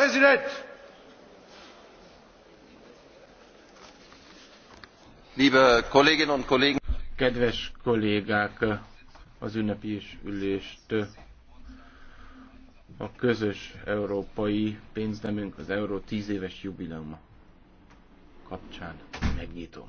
Präsident! Liebe Kolleginnen und Kollegen! Kedves kollégák, az ünnepi ülést a közös európai pénznemünk, az euró 10 éves jubileuma kapcsán megnyitom.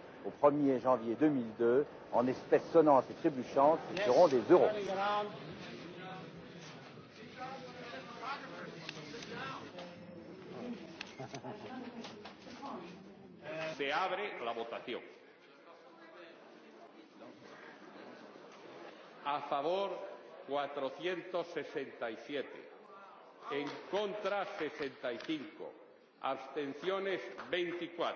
au 1er janvier 2002 en espèces sonnantes et trébuchantes qui seront des euros. Se abre la votación. A favor 467. En contra 65. Abstenciones 24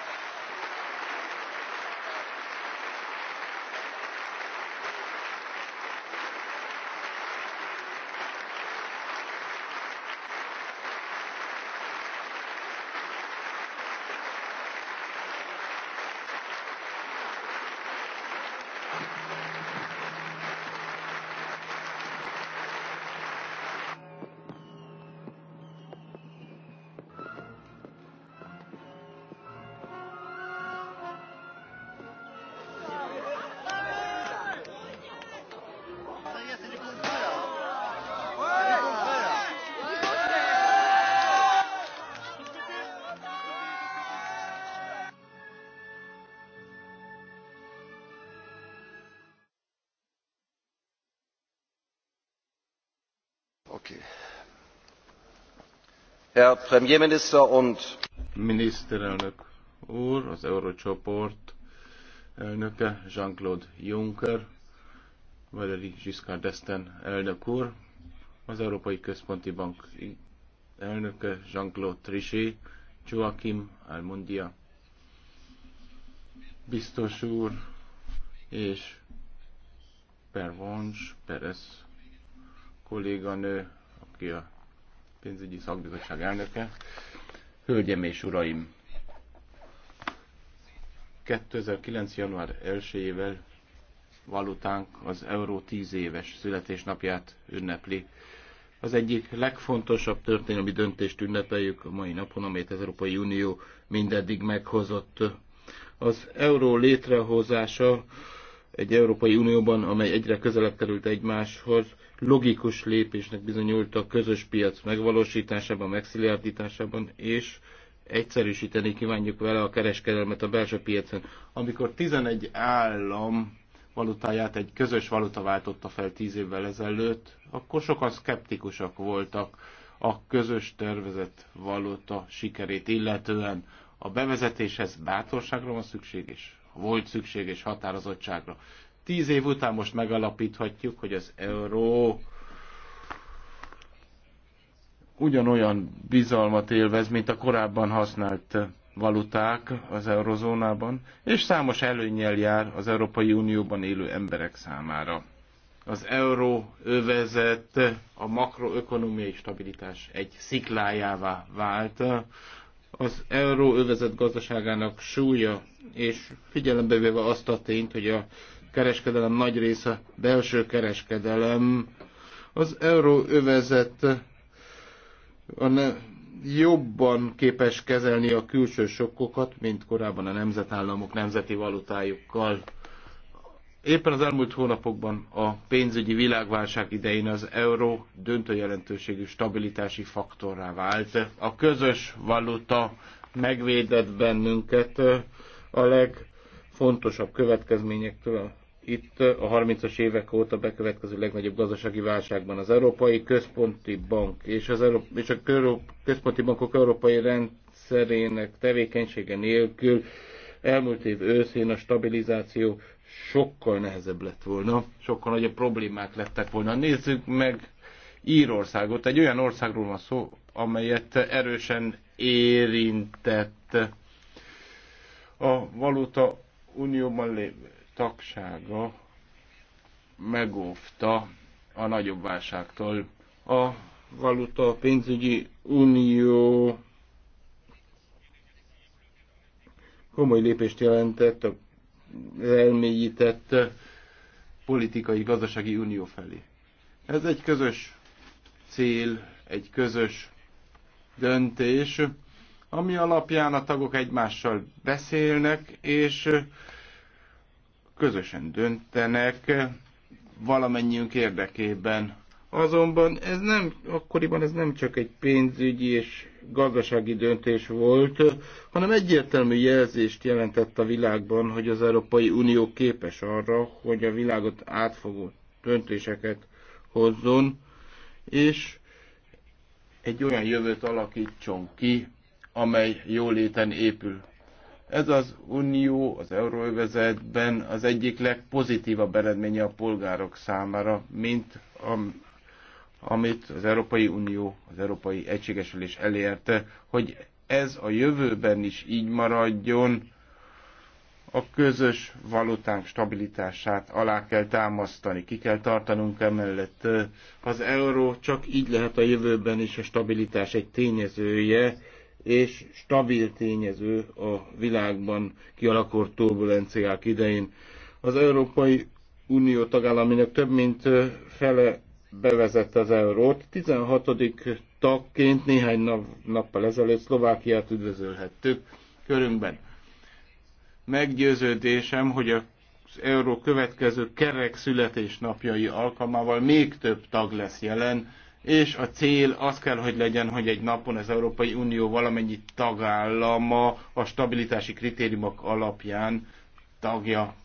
Herr Premierminister und Miniszterelnök úr, az eurócsoport elnöke Jean-Claude Juncker, Valéry Giscard d'Estaing elnök úr, az Európai Központi Bank elnöke Jean-Claude Trichet, Joachim Almundia, biztos úr és pervenche Perez kolléganő, aki a pénzügyi szakbizottság elnöke. Hölgyem és uraim! 2009. január 1-ével valutánk az euró 10 éves születésnapját ünnepli. Az egyik legfontosabb történelmi döntést ünnepeljük a mai napon, amelyet az Európai Unió mindeddig meghozott. Az euró létrehozása egy Európai Unióban, amely egyre közelebb került egymáshoz, logikus lépésnek bizonyult a közös piac megvalósításában, megszilárdításában, és egyszerűsíteni kívánjuk vele a kereskedelmet a belső piacon. Amikor 11 állam valutáját egy közös valuta váltotta fel 10 évvel ezelőtt, akkor sokan szkeptikusak voltak a közös tervezett valuta sikerét illetően. A bevezetéshez bátorságra van szükség, és volt szükséges határozottságra. Tíz év után most megalapíthatjuk, hogy az euró ugyanolyan bizalmat élvez, mint a korábban használt valuták az eurozónában, és számos előnyel jár az Európai Unióban élő emberek számára. Az euró övezet a makroökonomiai stabilitás egy sziklájává vált. Az euró övezet gazdaságának súlya és figyelembe véve azt a tényt, hogy a kereskedelem nagy része belső kereskedelem, az euróövezet a ne, jobban képes kezelni a külső sokkokat, mint korábban a nemzetállamok nemzeti valutájukkal. Éppen az elmúlt hónapokban a pénzügyi világválság idején az euró döntő jelentőségű stabilitási faktorrá vált. A közös valuta megvédett bennünket a legfontosabb következményektől itt a 30-as évek óta bekövetkező legnagyobb gazdasági válságban az Európai Központi Bank és, az Európa, és a Központi Bankok Európai Rendszerének tevékenysége nélkül elmúlt év őszén a stabilizáció sokkal nehezebb lett volna, sokkal nagyobb problémák lettek volna. Nézzük meg Írországot. Egy olyan országról van szó, amelyet erősen érintett a valuta unióban lévő tagsága megóvta a nagyobb válságtól. A valuta pénzügyi unió komoly lépést jelentett elmélyített politikai, gazdasági unió felé. Ez egy közös cél, egy közös döntés, ami alapján a tagok egymással beszélnek, és közösen döntenek valamennyiünk érdekében. Azonban ez nem, akkoriban ez nem csak egy pénzügyi és gazdasági döntés volt, hanem egyértelmű jelzést jelentett a világban, hogy az Európai Unió képes arra, hogy a világot átfogó döntéseket hozzon, és egy olyan jövőt alakítson ki, amely jóléten épül. Ez az unió az euróövezetben az egyik legpozitívabb eredménye a polgárok számára, mint a, amit az Európai Unió, az Európai Egységesülés elérte, hogy ez a jövőben is így maradjon, a közös valutánk stabilitását alá kell támasztani, ki kell tartanunk emellett. Az euró csak így lehet a jövőben is a stabilitás egy tényezője, és stabil tényező a világban kialakult turbulenciák idején. Az Európai Unió tagállaminak több mint fele bevezette az eurót. 16. tagként néhány nap, nappal ezelőtt Szlovákiát üdvözölhettük körünkben. Meggyőződésem, hogy az euró következő kerek születésnapjai alkalmával még több tag lesz jelen, és a cél az kell, hogy legyen, hogy egy napon az Európai Unió valamennyi tagállama a stabilitási kritériumok alapján tagja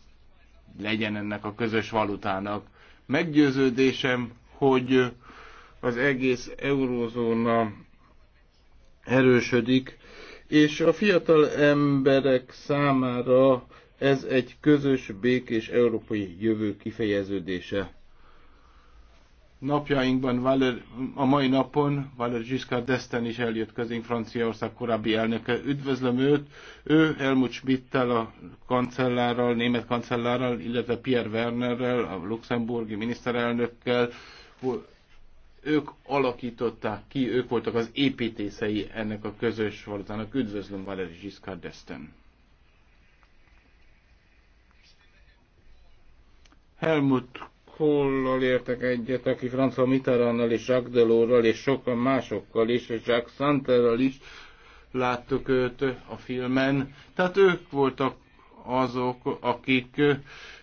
legyen ennek a közös valutának. Meggyőződésem, hogy az egész eurózóna erősödik, és a fiatal emberek számára ez egy közös, békés európai jövő kifejeződése. Napjainkban Valer, a mai napon Valer Giscard d'Esten is eljött közénk, Franciaország korábbi elnöke. Üdvözlöm őt, ő Helmut Schmidttel, a kancellárral, német kancellárral, illetve Pierre Wernerrel, a luxemburgi miniszterelnökkel, ők alakították ki, ők voltak az építészei ennek a közös valutának. Üdvözlöm Valer Giscard d'Esten. Helmut Foucault-lal értek egyet, aki François Mitterrandnal és Jacques Delorral és sokan másokkal is, és Jacques Santerral is láttuk őt a filmen. Tehát ők voltak azok, akik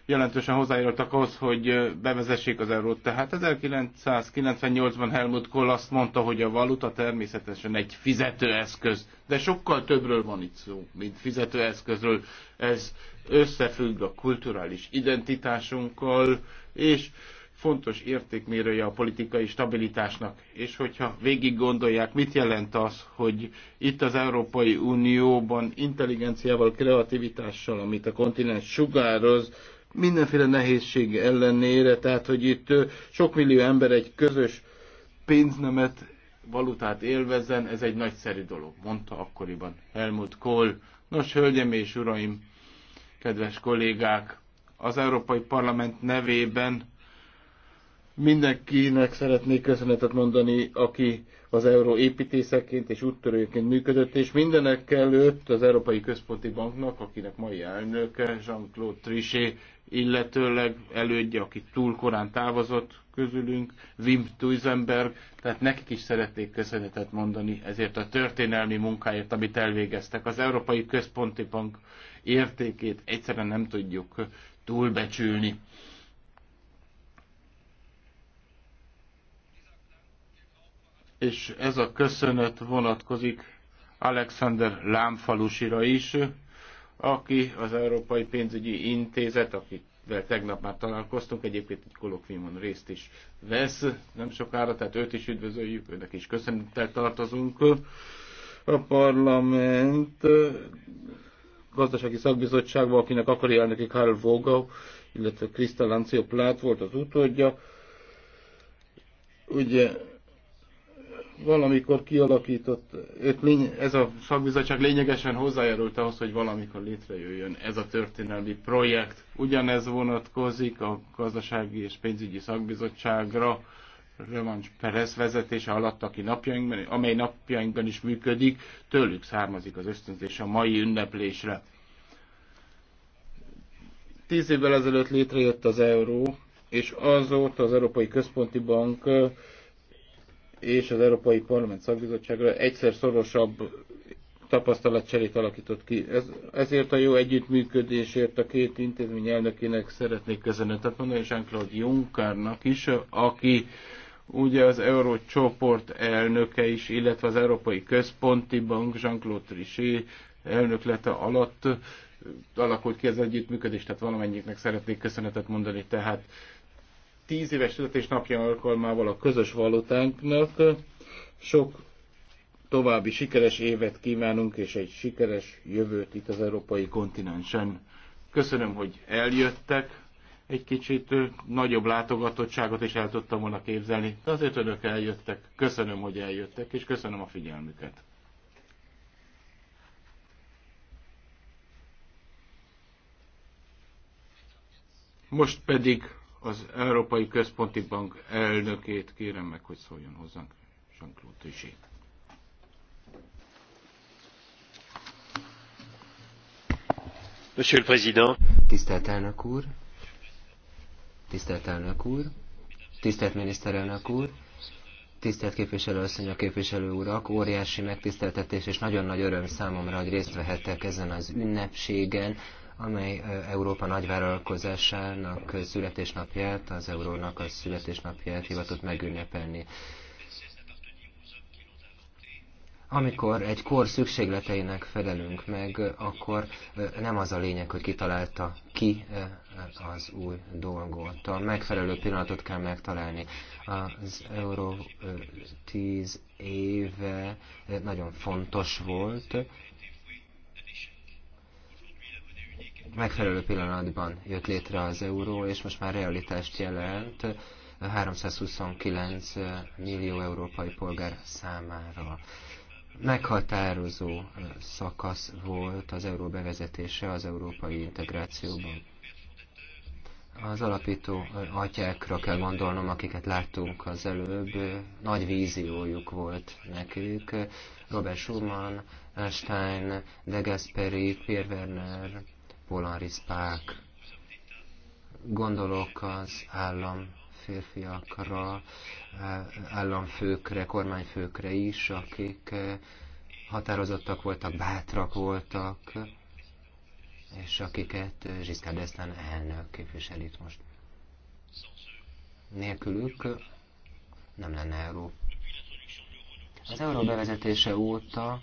jelentősen hozzájárultak ahhoz, hogy bevezessék az eurót. Tehát 1998-ban Helmut Kohl azt mondta, hogy a valuta természetesen egy fizetőeszköz, de sokkal többről van itt szó, mint fizetőeszközről. Ez összefügg a kulturális identitásunkkal, és fontos értékmérője a politikai stabilitásnak. És hogyha végig gondolják, mit jelent az, hogy itt az Európai Unióban intelligenciával, kreativitással, amit a kontinens sugároz, mindenféle nehézség ellenére, tehát hogy itt sok millió ember egy közös pénznemet, valutát élvezzen, ez egy nagyszerű dolog, mondta akkoriban Helmut Kohl. Nos, hölgyem és uraim, kedves kollégák, az Európai Parlament nevében mindenkinek szeretnék köszönetet mondani, aki az euró építészeként és úttörőként működött, és mindenek előtt az Európai Központi Banknak, akinek mai elnöke Jean-Claude Trichet, illetőleg elődje, aki túl korán távozott közülünk, Wim Tuisenberg, tehát nekik is szeretnék köszönetet mondani ezért a történelmi munkáért, amit elvégeztek. Az Európai Központi Bank értékét egyszerűen nem tudjuk túlbecsülni. És ez a köszönet vonatkozik Alexander Lámfalusira is, aki az Európai Pénzügyi Intézet, akivel tegnap már találkoztunk, egyébként egy kolokviumon részt is vesz nem sokára, tehát őt is üdvözöljük, őnek is köszönettel tartozunk. A parlament gazdasági szakbizottságban, akinek akkori elnöki Karl Vogel, illetve Krista Lancio Plát volt az utódja. Ugye valamikor kialakított, lény, ez a szakbizottság lényegesen hozzájárult ahhoz, hogy valamikor létrejöjjön ez a történelmi projekt. Ugyanez vonatkozik a gazdasági és pénzügyi szakbizottságra, Rövancs Perez vezetése alatt, aki napjainkban, amely napjainkban is működik, tőlük származik az ösztönzés a mai ünneplésre. Tíz évvel ezelőtt létrejött az euró, és azóta az Európai Központi Bank és az Európai Parlament szakbizottságra egyszer szorosabb tapasztalatcserét alakított ki. Ez, ezért a jó együttműködésért a két intézmény elnökének szeretnék köszönetet mondani, és Jean-Claude Junckernak is, aki Ugye az Eurócsoport elnöke is, illetve az Európai Központi Bank Jean-Claude Trichet elnöklete alatt alakult ki az együttműködés, tehát valamennyiknek szeretnék köszönetet mondani. Tehát tíz éves születésnapja alkalmával a közös valutánknak sok további sikeres évet kívánunk, és egy sikeres jövőt itt az európai kontinensen. Köszönöm, hogy eljöttek egy kicsit nagyobb látogatottságot is el tudtam volna képzelni. De azért önök eljöttek. Köszönöm, hogy eljöttek, és köszönöm a figyelmüket. Most pedig az Európai Központi Bank elnökét kérem meg, hogy szóljon hozzánk, Jean-Claude Monsieur le Président. Tisztelt elnök úr, Tisztelt elnök úr, tisztelt miniszterelnök úr, tisztelt asszony, a képviselő urak, óriási megtiszteltetés és nagyon nagy öröm számomra, hogy részt vehettek ezen az ünnepségen, amely Európa nagyvállalkozásának születésnapját, az eurónak a születésnapját hivatott megünnepelni. Amikor egy kor szükségleteinek felelünk meg, akkor nem az a lényeg, hogy kitalálta ki az új dolgot. A megfelelő pillanatot kell megtalálni. Az euró 10 éve nagyon fontos volt. Megfelelő pillanatban jött létre az euró, és most már realitást jelent 329 millió európai polgár számára meghatározó szakasz volt az euró bevezetése az európai integrációban az alapító atyákra kell gondolnom, akiket láttunk az előbb, nagy víziójuk volt nekik. Robert Schumann, Einstein, De Gasperi, Pierre Werner, Polaris Henri Gondolok az állam férfiakra, államfőkre, kormányfőkre is, akik határozottak voltak, bátrak voltak, és akiket Giscard eh, d'Estaing elnök képvisel itt most. Nélkülük nem lenne euró. Az euró bevezetése óta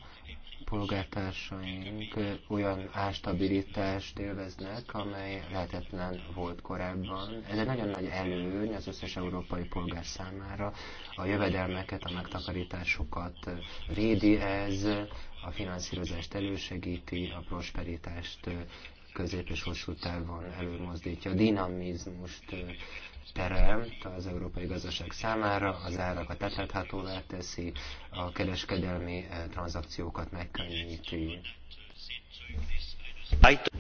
polgártársaink olyan ástabilitást élveznek, amely lehetetlen volt korábban. Ez egy nagyon nagy előny az összes európai polgár számára. A jövedelmeket, a megtakarításokat védi ez, a finanszírozást elősegíti, a prosperitást közép és hosszú távon előmozdítja, a dinamizmust teremt az európai gazdaság számára, az árakat átláthatóvá teszi, a kereskedelmi tranzakciókat megkönnyíti.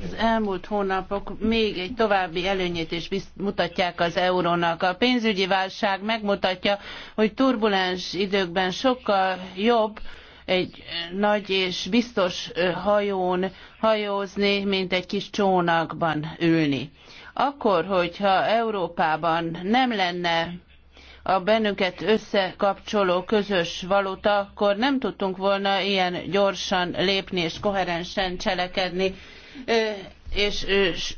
Az elmúlt hónapok még egy további előnyét is mutatják az eurónak. A pénzügyi válság megmutatja, hogy turbulens időkben sokkal jobb, egy nagy és biztos hajón hajózni, mint egy kis csónakban ülni. Akkor, hogyha Európában nem lenne a bennünket összekapcsoló közös valuta, akkor nem tudtunk volna ilyen gyorsan lépni és koherensen cselekedni és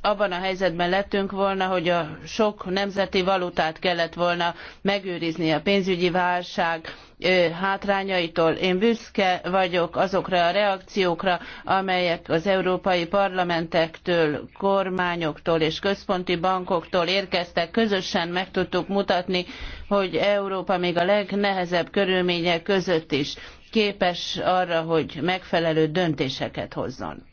abban a helyzetben lettünk volna, hogy a sok nemzeti valutát kellett volna megőrizni a pénzügyi válság hátrányaitól. Én büszke vagyok azokra a reakciókra, amelyek az európai parlamentektől, kormányoktól és központi bankoktól érkeztek. Közösen meg tudtuk mutatni, hogy Európa még a legnehezebb körülmények között is képes arra, hogy megfelelő döntéseket hozzon.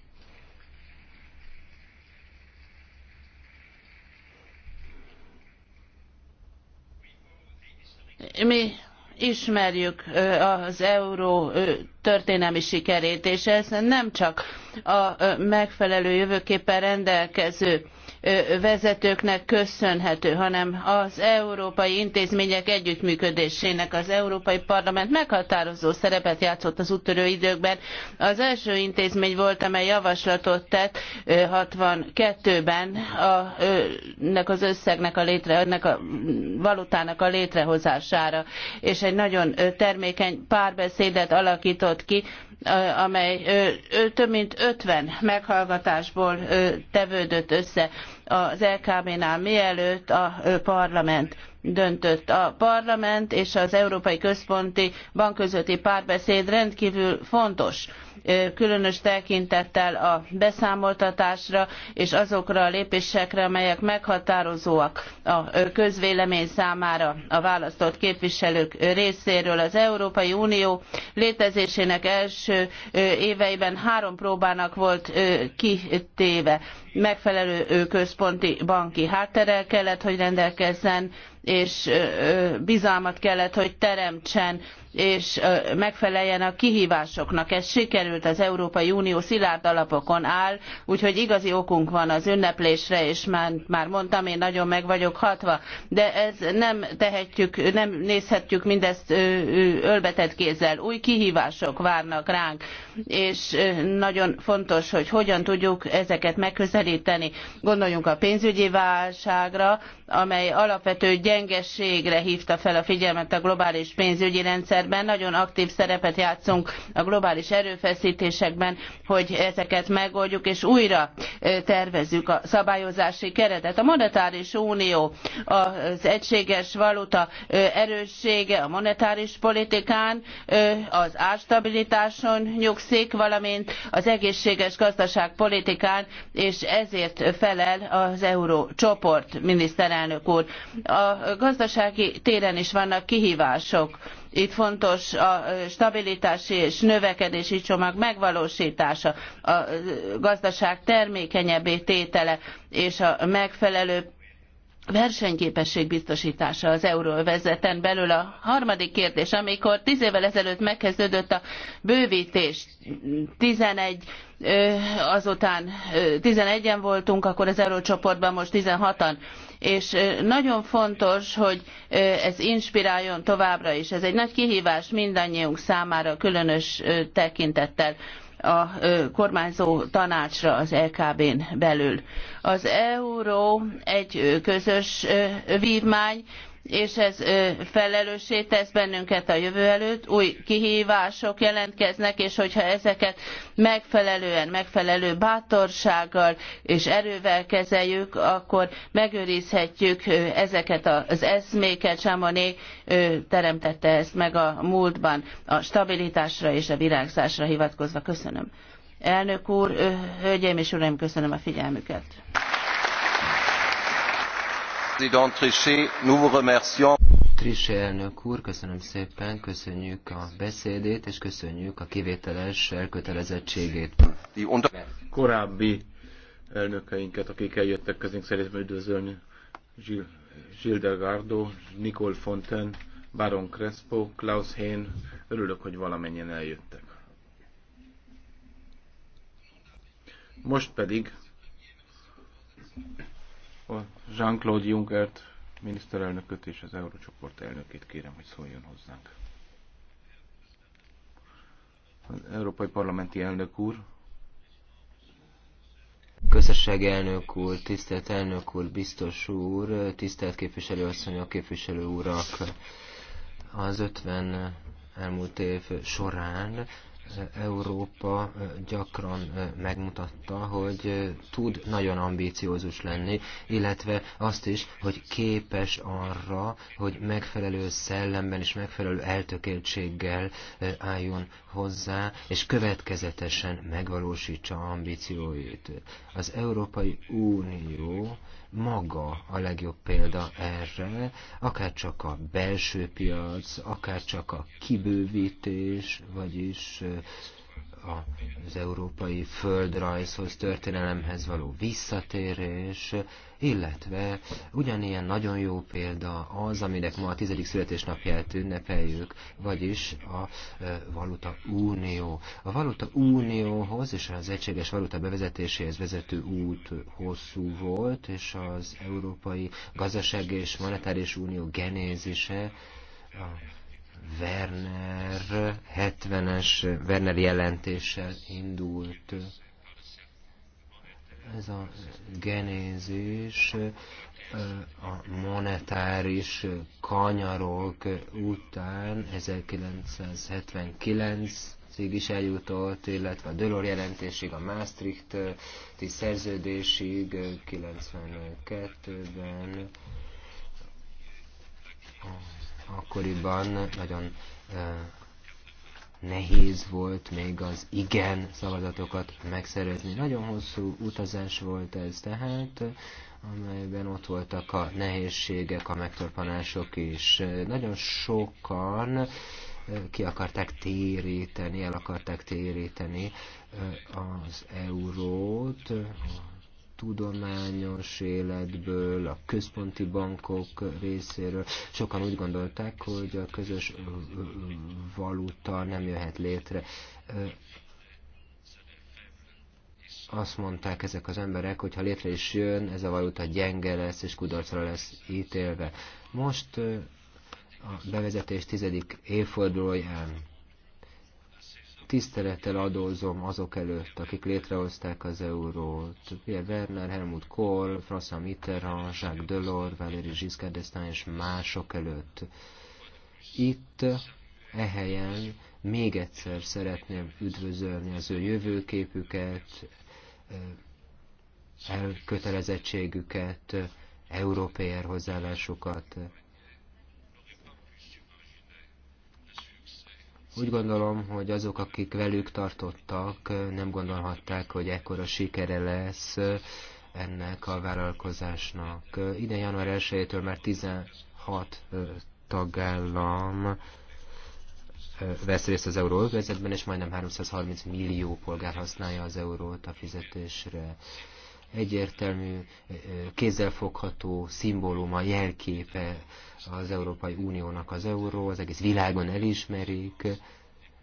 mi ismerjük az euró történelmi sikerét, és ez nem csak a megfelelő jövőképpen rendelkező vezetőknek köszönhető, hanem az európai intézmények együttműködésének. Az Európai Parlament meghatározó szerepet játszott az úttörő időkben. Az első intézmény volt, amely javaslatot tett 62-ben a, ennek az összegnek a létre, ennek a valutának a létrehozására, és egy nagyon termékeny párbeszédet alakított ki amely több mint 50 meghallgatásból tevődött össze az LKB-nál, mielőtt a parlament döntött. A parlament és az Európai Központi Bank közötti párbeszéd rendkívül fontos különös tekintettel a beszámoltatásra és azokra a lépésekre, amelyek meghatározóak a közvélemény számára a választott képviselők részéről. Az Európai Unió létezésének első éveiben három próbának volt kitéve megfelelő központi banki hátterrel kellett, hogy rendelkezzen, és bizalmat kellett, hogy teremtsen, és megfeleljen a kihívásoknak. Ez sikerült, az Európai Unió szilárd alapokon áll, úgyhogy igazi okunk van az ünneplésre, és már, már mondtam, én nagyon meg vagyok hatva, de ez nem tehetjük, nem nézhetjük mindezt ölbetett kézzel. Új kihívások várnak ránk, és nagyon fontos, hogy hogyan tudjuk ezeket megközelíteni, teríteni. Gondoljunk a pénzügyi válságra, amely alapvető gyengeségre hívta fel a figyelmet a globális pénzügyi rendszerben. Nagyon aktív szerepet játszunk a globális erőfeszítésekben, hogy ezeket megoldjuk, és újra tervezzük a szabályozási keretet. A monetáris unió, az egységes valuta erőssége a monetáris politikán, az árstabilitáson nyugszik, valamint az egészséges gazdaságpolitikán és ezért felel az eurócsoport, miniszterelnök úr. A gazdasági téren is vannak kihívások. Itt fontos a stabilitási és növekedési csomag megvalósítása, a gazdaság termékenyebbé tétele és a megfelelő versenyképesség biztosítása az euróvezeten belül. A harmadik kérdés, amikor tíz évvel ezelőtt megkezdődött a bővítés, 11 azután 11-en voltunk, akkor az eurócsoportban most 16-an, és nagyon fontos, hogy ez inspiráljon továbbra is. Ez egy nagy kihívás mindannyiunk számára, különös tekintettel a kormányzó tanácsra az LKB-n belül. Az euró egy közös vívmány, és ez felelőssé tesz bennünket a jövő előtt, új kihívások jelentkeznek, és hogyha ezeket megfelelően, megfelelő bátorsággal és erővel kezeljük, akkor megőrizhetjük ezeket az eszméket, Sámoné teremtette ezt meg a múltban, a stabilitásra és a virágzásra hivatkozva. Köszönöm. Elnök úr, hölgyeim és uraim, köszönöm a figyelmüket. Président Trichet, nous vous remercions. Trichet elnök úr, köszönöm szépen, köszönjük a beszédét, és köszönjük a kivételes elkötelezettségét. Korábbi elnökeinket, akik eljöttek közénk, szeretném üdvözölni Gilles, Gilles Delgardo, Nicole Fontaine, Baron Crespo, Klaus Hén. Örülök, hogy valamennyien eljöttek. Most pedig Jean-Claude Junckert, miniszterelnököt és az Eurócsoport elnökét kérem, hogy szóljon hozzánk. Az Európai Parlamenti elnök úr. Közösség elnök úr, tisztelt elnök úr, biztos úr, tisztelt képviselőasszonyok, képviselő urak. Az 50 elmúlt év során Európa gyakran megmutatta, hogy tud nagyon ambíciózus lenni, illetve azt is, hogy képes arra, hogy megfelelő szellemben és megfelelő eltökéltséggel álljon hozzá, és következetesen megvalósítsa ambícióit. Az Európai Unió maga a legjobb példa erre, akár csak a belső piac, akár csak a kibővítés, vagyis az európai földrajzhoz, történelemhez való visszatérés, illetve ugyanilyen nagyon jó példa az, aminek ma a tizedik születésnapját ünnepeljük, vagyis a Valuta Unió. A Valuta Unióhoz és az egységes valuta bevezetéséhez vezető út hosszú volt, és az Európai Gazdaság és Monetáris Unió genézise a Werner 70-es Werner jelentéssel indult ez a genézis a monetáris kanyarok után 1979 cég is eljutott, illetve a Dölor jelentésig, a Maastrichti szerződésig 92-ben akkoriban nagyon nehéz volt még az igen szavazatokat megszerezni. Nagyon hosszú utazás volt ez tehát, amelyben ott voltak a nehézségek, a megtorpanások is. Nagyon sokan ki akarták téríteni, el akarták téríteni az eurót, tudományos életből, a központi bankok részéről. Sokan úgy gondolták, hogy a közös valuta nem jöhet létre. Azt mondták ezek az emberek, hogy ha létre is jön, ez a valuta gyenge lesz és kudarcra lesz ítélve. Most a bevezetés tizedik évfordulóján tisztelettel adózom azok előtt, akik létrehozták az eurót. Pierre Werner, Helmut Kohl, François Mitterrand, Jacques Delors, Valéry Giscard d'Estaing és mások előtt. Itt, e helyen még egyszer szeretném üdvözölni az ő jövőképüket, elkötelezettségüket, európai hozzáállásukat. Úgy gondolom, hogy azok, akik velük tartottak, nem gondolhatták, hogy ekkora sikere lesz ennek a vállalkozásnak. Ide január 1-től már 16 tagállam vesz részt az euróvezetben, és majdnem 330 millió polgár használja az eurót a fizetésre egyértelmű, kézzelfogható szimbóluma, jelképe az Európai Uniónak az euró, az egész világon elismerik,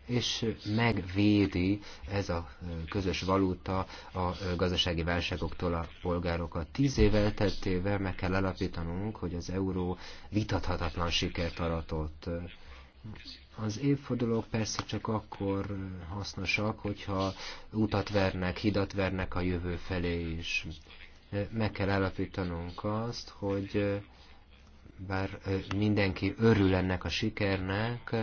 és megvédi ez a közös valuta a gazdasági válságoktól a polgárokat. Tíz év elteltével meg kell alapítanunk, hogy az euró vitathatatlan sikert aratott az évfordulók persze csak akkor hasznosak, hogyha utat vernek, hidat vernek a jövő felé is. Meg kell állapítanunk azt, hogy bár mindenki örül ennek a sikernek,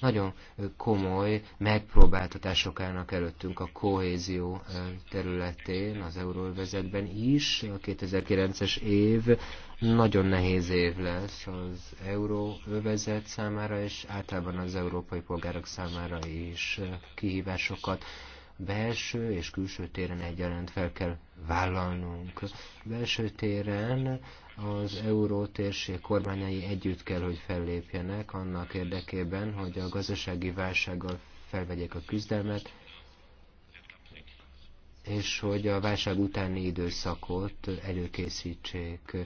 nagyon komoly megpróbáltatások állnak előttünk a kohézió területén, az euróvezetben is. A 2009-es év nagyon nehéz év lesz az euróövezet számára, és általában az európai polgárok számára is kihívásokat belső és külső téren egyaránt fel kell vállalnunk. Belső téren az euró térség kormányai együtt kell, hogy fellépjenek annak érdekében, hogy a gazdasági válsággal felvegyék a küzdelmet, és hogy a válság utáni időszakot előkészítsék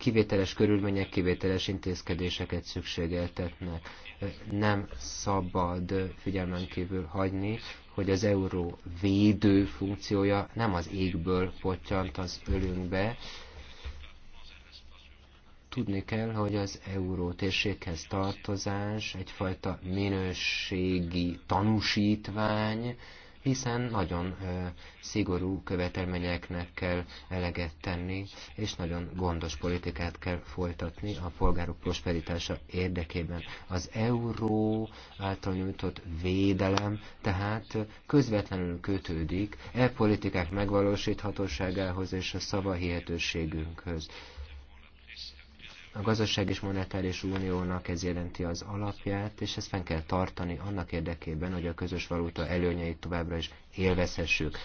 kivételes körülmények, kivételes intézkedéseket szükségeltetnek. Nem szabad figyelmen kívül hagyni, hogy az euró védő funkciója nem az égből potyant az ölünkbe, tudni kell, hogy az euró térséghez tartozás egyfajta minőségi tanúsítvány, hiszen nagyon szigorú követelményeknek kell eleget tenni, és nagyon gondos politikát kell folytatni a polgárok prosperitása érdekében. Az euró által nyújtott védelem tehát közvetlenül kötődik e politikák megvalósíthatóságához és a szavahihetőségünkhöz. A gazdaság és monetáris uniónak ez jelenti az alapját, és ezt fenn kell tartani annak érdekében, hogy a közös valuta előnyeit továbbra is élvezhessük.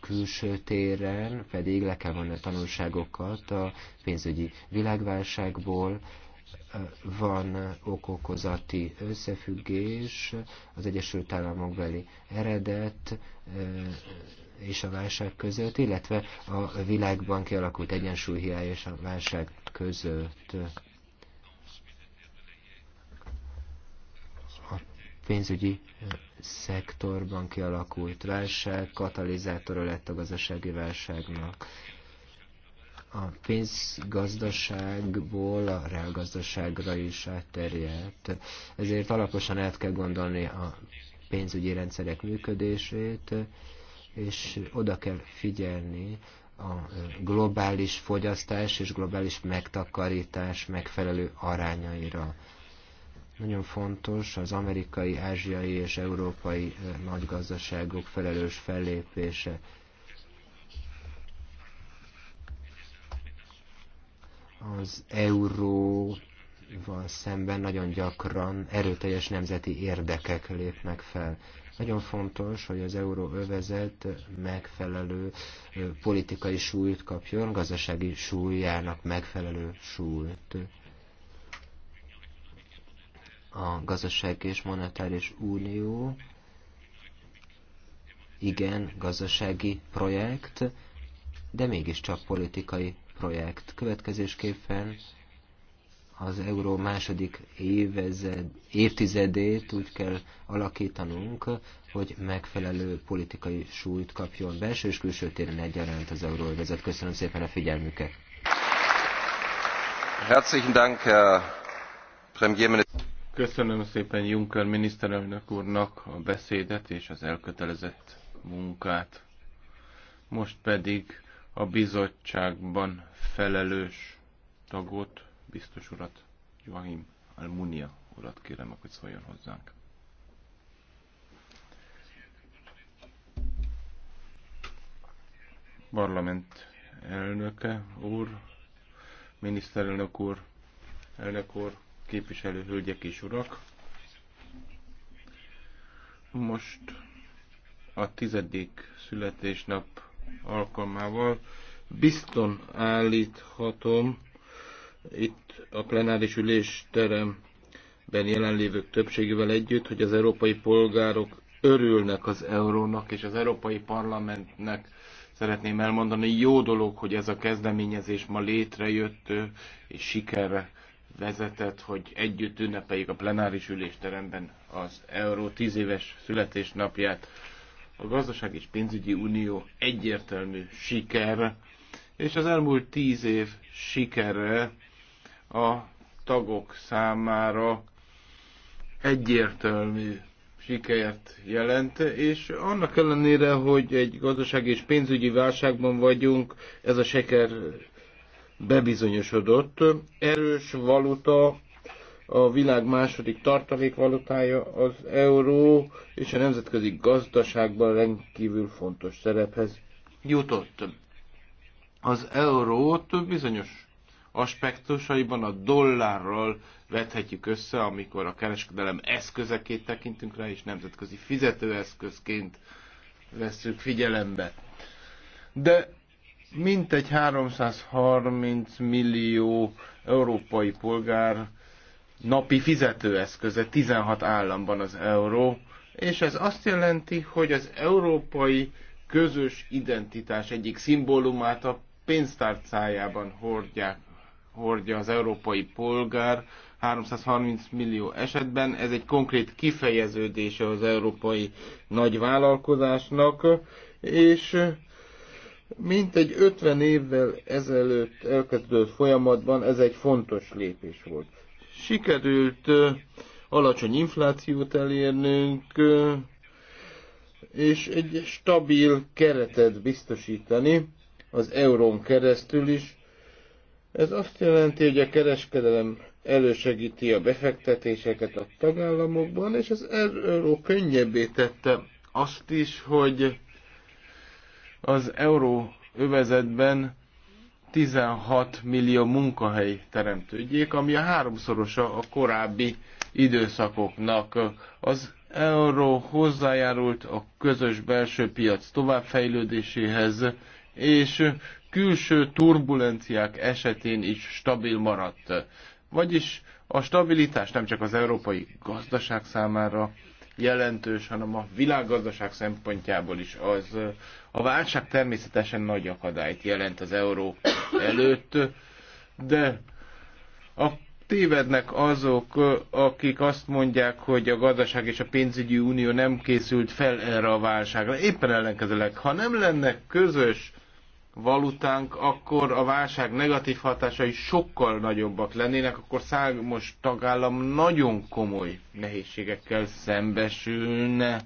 Külső téren pedig le kell vonni a tanulságokat a pénzügyi világválságból, van okokozati összefüggés, az Egyesült Államok beli eredet eh, és a válság között, illetve a világban kialakult egyensúlyhiány és a válság között. A pénzügyi szektorban kialakult válság katalizátora lett a gazdasági válságnak. A pénzgazdaságból a reálgazdaságra is átterjedt. Ezért alaposan át kell gondolni a pénzügyi rendszerek működését, és oda kell figyelni a globális fogyasztás és globális megtakarítás megfelelő arányaira. Nagyon fontos az amerikai, ázsiai és európai nagy gazdaságok felelős fellépése. Az euróval szemben nagyon gyakran erőteljes nemzeti érdekek lépnek fel. Nagyon fontos, hogy az euróövezet megfelelő politikai súlyt kapjon, gazdasági súlyának megfelelő súlyt a gazdasági és monetáris unió igen, gazdasági projekt, de mégiscsak politikai projekt. Következésképpen az euró második évezed, évtizedét úgy kell alakítanunk, hogy megfelelő politikai súlyt kapjon belső és külső téren egyaránt az euróvezet. Köszönöm szépen a figyelmüket. Herzlichen Dank, Köszönöm szépen Juncker miniszterelnök úrnak a beszédet és az elkötelezett munkát. Most pedig a bizottságban felelős tagot biztos urat, Joachim Almunia urat kérem, hogy szóljon hozzánk. Parlament elnöke úr, miniszterelnök úr, elnök úr, képviselő hölgyek és urak. Most a tizedik születésnap alkalmával bizton állíthatom, itt a plenáris ülésteremben jelenlévők többségével együtt, hogy az európai polgárok örülnek az eurónak és az európai parlamentnek. Szeretném elmondani, jó dolog, hogy ez a kezdeményezés ma létrejött és sikerre vezetett, hogy együtt ünnepeljük a plenáris ülésteremben az euró tíz éves születésnapját. A gazdaság és pénzügyi unió egyértelmű siker, és az elmúlt tíz év sikere a tagok számára egyértelmű sikert jelent, és annak ellenére, hogy egy gazdasági és pénzügyi válságban vagyunk, ez a seker bebizonyosodott. Erős valuta, a világ második tartalékvalutája az euró, és a nemzetközi gazdaságban rendkívül fontos szerephez jutott. Az eurót bizonyos aspektusaiban a dollárral vethetjük össze, amikor a kereskedelem eszközeként tekintünk rá, és nemzetközi fizetőeszközként veszük figyelembe. De mintegy 330 millió európai polgár napi fizetőeszköze 16 államban az euró, és ez azt jelenti, hogy az európai közös identitás egyik szimbólumát a pénztárcájában hordják hordja az európai polgár 330 millió esetben. Ez egy konkrét kifejeződése az európai nagyvállalkozásnak, és mint egy 50 évvel ezelőtt elkezdődött folyamatban ez egy fontos lépés volt. Sikerült alacsony inflációt elérnünk, és egy stabil keretet biztosítani az eurón keresztül is, ez azt jelenti, hogy a kereskedelem elősegíti a befektetéseket a tagállamokban, és az euró könnyebbé tette azt is, hogy az euró övezetben 16 millió munkahely teremtődjék, ami a háromszorosa a korábbi időszakoknak. Az euró hozzájárult a közös belső piac továbbfejlődéséhez, és külső turbulenciák esetén is stabil maradt. Vagyis a stabilitás nem csak az európai gazdaság számára jelentős, hanem a világgazdaság szempontjából is az. A válság természetesen nagy akadályt jelent az euró előtt, de a tévednek azok, akik azt mondják, hogy a gazdaság és a pénzügyi unió nem készült fel erre a válságra. Éppen ellenkezőleg, ha nem lenne közös valutánk, akkor a válság negatív hatásai sokkal nagyobbak lennének, akkor számos tagállam nagyon komoly nehézségekkel szembesülne.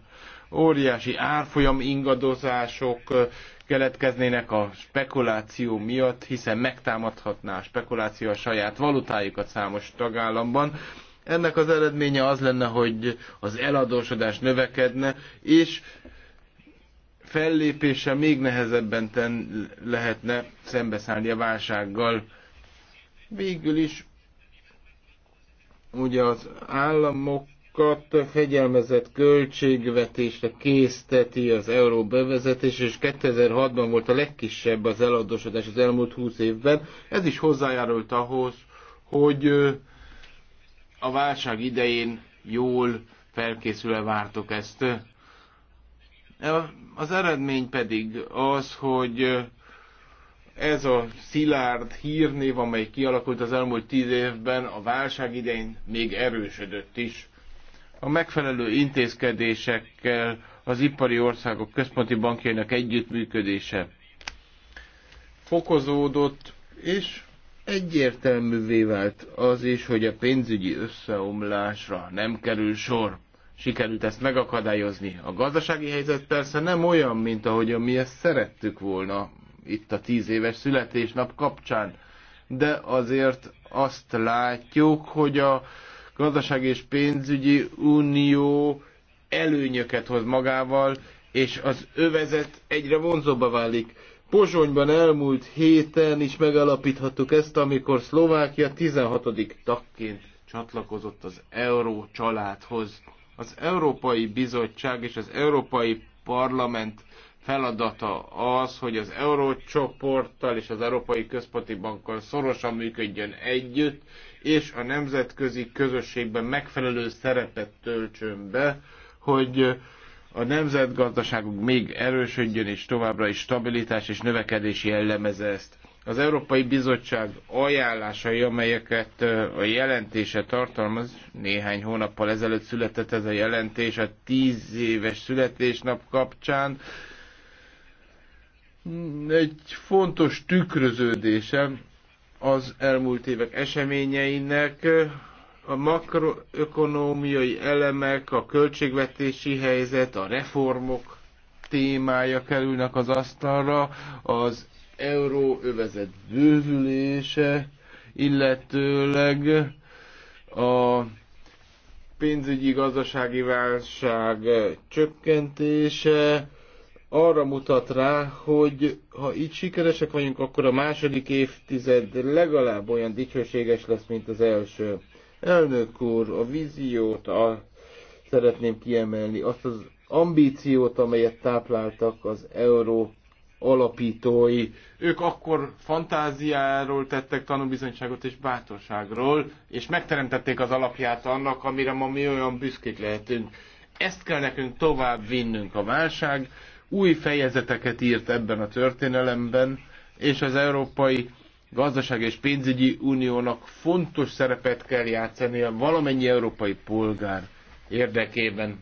Óriási árfolyam ingadozások keletkeznének a spekuláció miatt, hiszen megtámadhatná a spekuláció a saját valutájukat számos tagállamban. Ennek az eredménye az lenne, hogy az eladósodás növekedne, és fellépése még nehezebben ten, lehetne szembeszállni a válsággal. Végül is ugye az államokat fegyelmezett költségvetésre készteti az euró bevezetés, és 2006-ban volt a legkisebb az eladósodás az elmúlt 20 évben. Ez is hozzájárult ahhoz, hogy a válság idején jól felkészülve vártok ezt az eredmény pedig az, hogy ez a szilárd hírnév, amely kialakult az elmúlt tíz évben, a válság idején még erősödött is. A megfelelő intézkedésekkel az ipari országok központi bankjainak együttműködése fokozódott, és egyértelművé vált az is, hogy a pénzügyi összeomlásra nem kerül sor sikerült ezt megakadályozni. A gazdasági helyzet persze nem olyan, mint ahogy mi ezt szerettük volna itt a tíz éves születésnap kapcsán, de azért azt látjuk, hogy a gazdasági és pénzügyi unió előnyöket hoz magával, és az övezet egyre vonzóbbá válik. Pozsonyban elmúlt héten is megalapíthattuk ezt, amikor Szlovákia 16. tagként csatlakozott az euró családhoz. Az Európai Bizottság és az Európai Parlament feladata az, hogy az Eurócsoporttal és az Európai Központi Bankkal szorosan működjön együtt, és a nemzetközi közösségben megfelelő szerepet töltsön be, hogy a nemzetgazdaságunk még erősödjön, és továbbra is stabilitás és növekedés jellemeze ezt. Az Európai Bizottság ajánlásai, amelyeket a jelentése tartalmaz, néhány hónappal ezelőtt született ez a jelentés a tíz éves születésnap kapcsán, egy fontos tükröződése az elmúlt évek eseményeinek, a makroökonómiai elemek, a költségvetési helyzet, a reformok témája kerülnek az asztalra, az euróövezet bővülése, illetőleg a pénzügyi gazdasági válság csökkentése arra mutat rá, hogy ha így sikeresek vagyunk, akkor a második évtized legalább olyan dicsőséges lesz, mint az első. Elnök úr, a víziót a, szeretném kiemelni, azt az ambíciót, amelyet tápláltak az euró alapítói. Ők akkor fantáziáról tettek tanúbizonyságot és bátorságról, és megteremtették az alapját annak, amire ma mi olyan büszkék lehetünk. Ezt kell nekünk tovább vinnünk a válság. Új fejezeteket írt ebben a történelemben, és az Európai Gazdaság és Pénzügyi Uniónak fontos szerepet kell játszania valamennyi európai polgár érdekében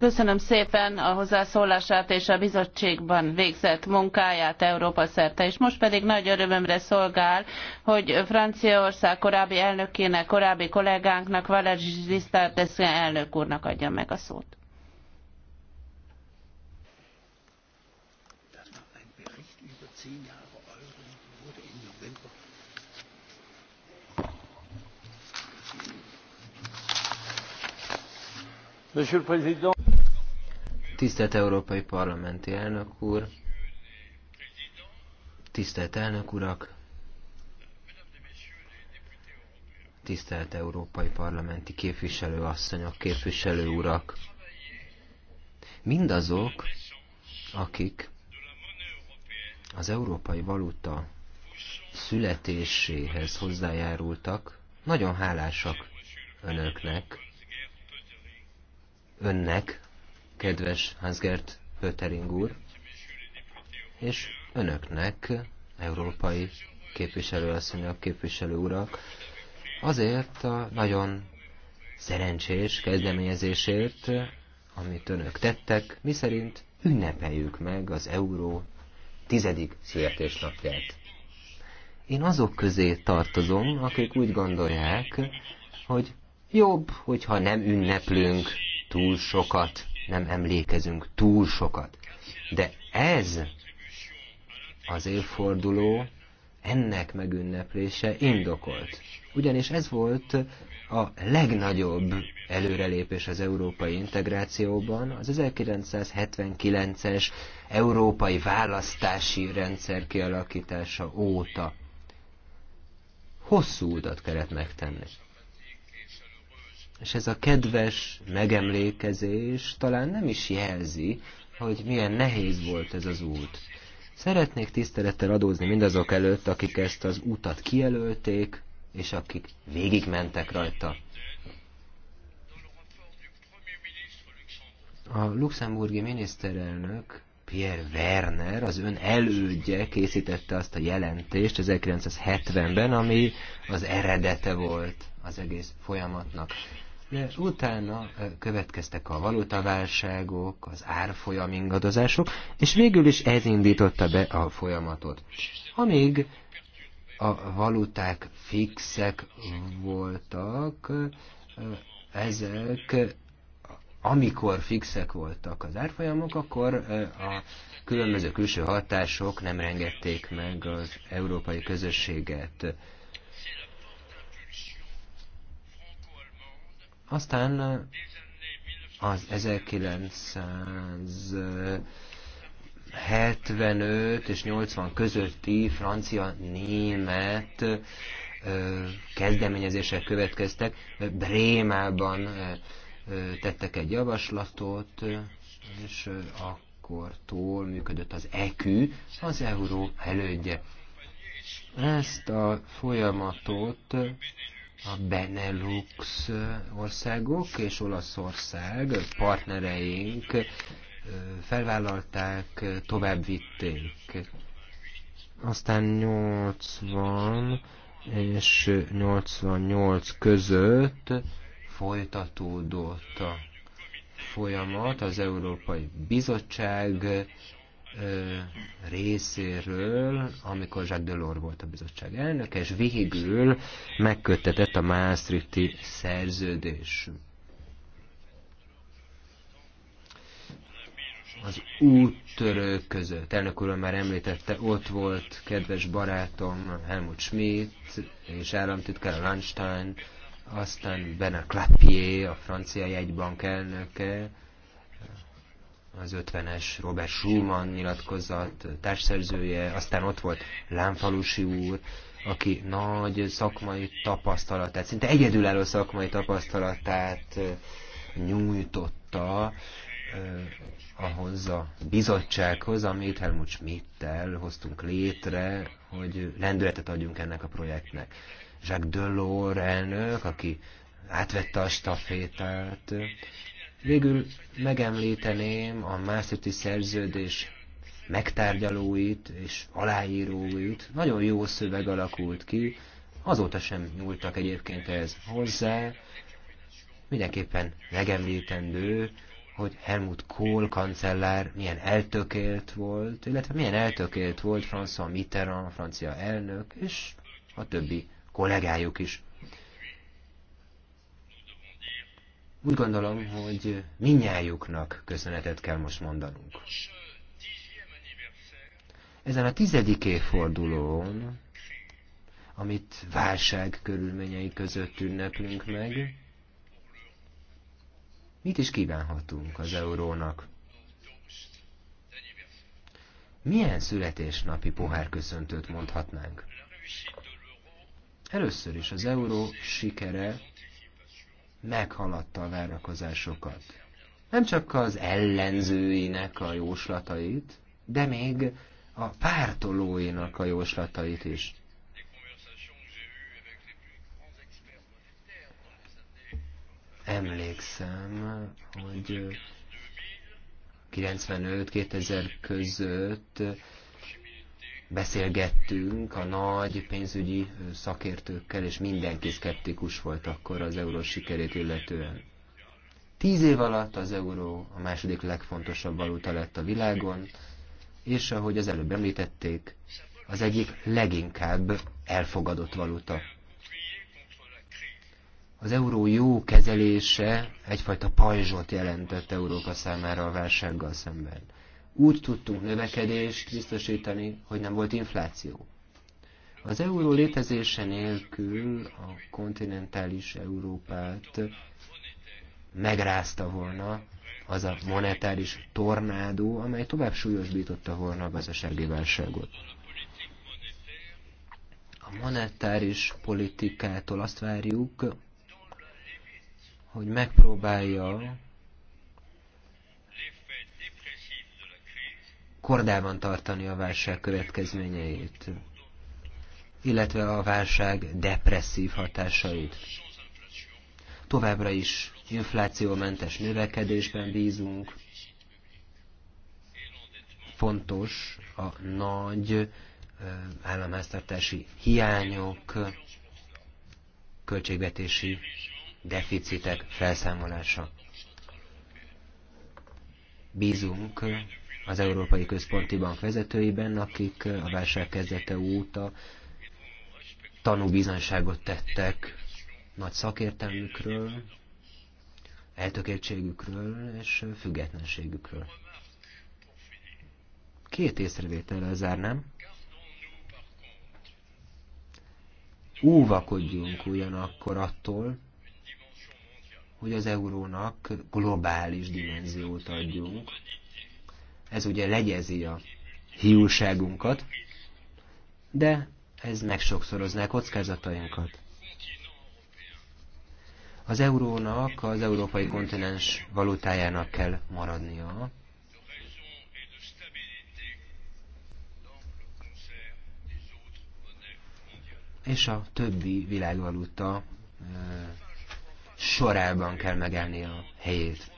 Köszönöm szépen a hozzászólását és a bizottságban végzett munkáját Európa szerte, és most pedig nagy örömömre szolgál, hogy Franciaország korábbi elnökének, korábbi kollégánknak, Valéry Giscard elnök úrnak adja meg a szót. Monsieur le Président, Tisztelt Európai Parlamenti Elnök úr, tisztelt elnök urak, tisztelt Európai Parlamenti képviselő asszonyok, képviselő urak, mindazok, akik az európai valuta születéséhez hozzájárultak, nagyon hálásak önöknek, önnek, kedves Hansgert Pöttering úr, és önöknek, európai képviselőasszonyok, képviselő urak, azért a nagyon szerencsés kezdeményezésért, amit önök tettek, szerint ünnepeljük meg az euró tizedik születésnapját. Én azok közé tartozom, akik úgy gondolják, hogy jobb, hogyha nem ünneplünk túl sokat nem emlékezünk túl sokat. De ez az évforduló, ennek megünneplése indokolt. Ugyanis ez volt a legnagyobb előrelépés az európai integrációban, az 1979-es európai választási rendszer kialakítása óta. Hosszú utat kellett megtenni. És ez a kedves megemlékezés talán nem is jelzi, hogy milyen nehéz volt ez az út. Szeretnék tisztelettel adózni mindazok előtt, akik ezt az utat kijelölték, és akik végigmentek rajta. A luxemburgi miniszterelnök Pierre Werner, az ön elődje készítette azt a jelentést 1970-ben, ami az eredete volt az egész folyamatnak de utána következtek a valutaválságok, az árfolyam ingadozások, és végül is ez indította be a folyamatot. Amíg a valuták fixek voltak, ezek, amikor fixek voltak az árfolyamok, akkor a különböző külső hatások nem rengették meg az európai közösséget. Aztán az 1975 és 80 közötti francia-német kezdeményezések következtek. Brémában tettek egy javaslatot, és akkortól működött az EQ, az euró elődje. Ezt a folyamatot a Benelux országok és Olaszország partnereink felvállalták, tovább vitték. Aztán 80 és 88 között folytatódott a folyamat, az Európai Bizottság részéről, amikor Jacques Delors volt a bizottság elnöke, és végül megköttetett a Maastrichti szerződés. Az úttörő között, elnök úr már említette, ott volt kedves barátom Helmut Schmidt és államtitkár Lanstein, aztán Bernard Clapier, a francia jegybank elnöke, az 50-es Robert Schumann nyilatkozat társszerzője, aztán ott volt Lámfalusi úr, aki nagy szakmai tapasztalatát, szinte egyedülálló szakmai tapasztalatát nyújtotta ahhoz a bizottsághoz, amit Helmut Schmidt-tel hoztunk létre, hogy lendületet adjunk ennek a projektnek. Jacques Delors elnök, aki átvette a stafétát, Végül megemlíteném a Maastrichti szerződés megtárgyalóit és aláíróit. Nagyon jó szöveg alakult ki, azóta sem nyúltak egyébként ehhez hozzá. Mindenképpen megemlítendő, hogy Helmut Kohl kancellár milyen eltökélt volt, illetve milyen eltökélt volt François Mitterrand, francia elnök, és a többi kollégájuk is. Úgy gondolom, hogy minnyájuknak köszönetet kell most mondanunk. Ezen a tizedik évfordulón, amit válság körülményei között ünneplünk meg, mit is kívánhatunk az eurónak? Milyen születésnapi pohárköszöntőt mondhatnánk? Először is az euró sikere meghaladta a várakozásokat. Nem csak az ellenzőinek a jóslatait, de még a pártolóinak a jóslatait is. Emlékszem, hogy 95-2000 között beszélgettünk a nagy pénzügyi szakértőkkel, és mindenki szkeptikus volt akkor az euró sikerét illetően. Tíz év alatt az euró a második legfontosabb valuta lett a világon, és ahogy az előbb említették, az egyik leginkább elfogadott valuta. Az euró jó kezelése egyfajta pajzsot jelentett Európa számára a válsággal szemben úgy tudtunk növekedést biztosítani, hogy nem volt infláció. Az euró létezése nélkül a kontinentális Európát megrázta volna az a monetáris tornádó, amely tovább súlyosbította volna a gazdasági válságot. A monetáris politikától azt várjuk, hogy megpróbálja kordában tartani a válság következményeit, illetve a válság depresszív hatásait. Továbbra is inflációmentes növekedésben bízunk. Fontos a nagy államháztartási hiányok, költségvetési deficitek felszámolása. Bízunk az Európai Központi Bank vezetőiben, akik a válság kezdete óta tanúbizonyságot tettek nagy szakértelmükről, eltökéltségükről és függetlenségükről. Két észrevétellel zárnám. Óvakodjunk ugyanakkor attól, hogy az eurónak globális dimenziót adjunk, ez ugye legyezi a hiúságunkat, de ez megsokszorozná kockázatainkat. Az eurónak, az európai kontinens valutájának kell maradnia. És a többi világvaluta sorában kell megállni a helyét.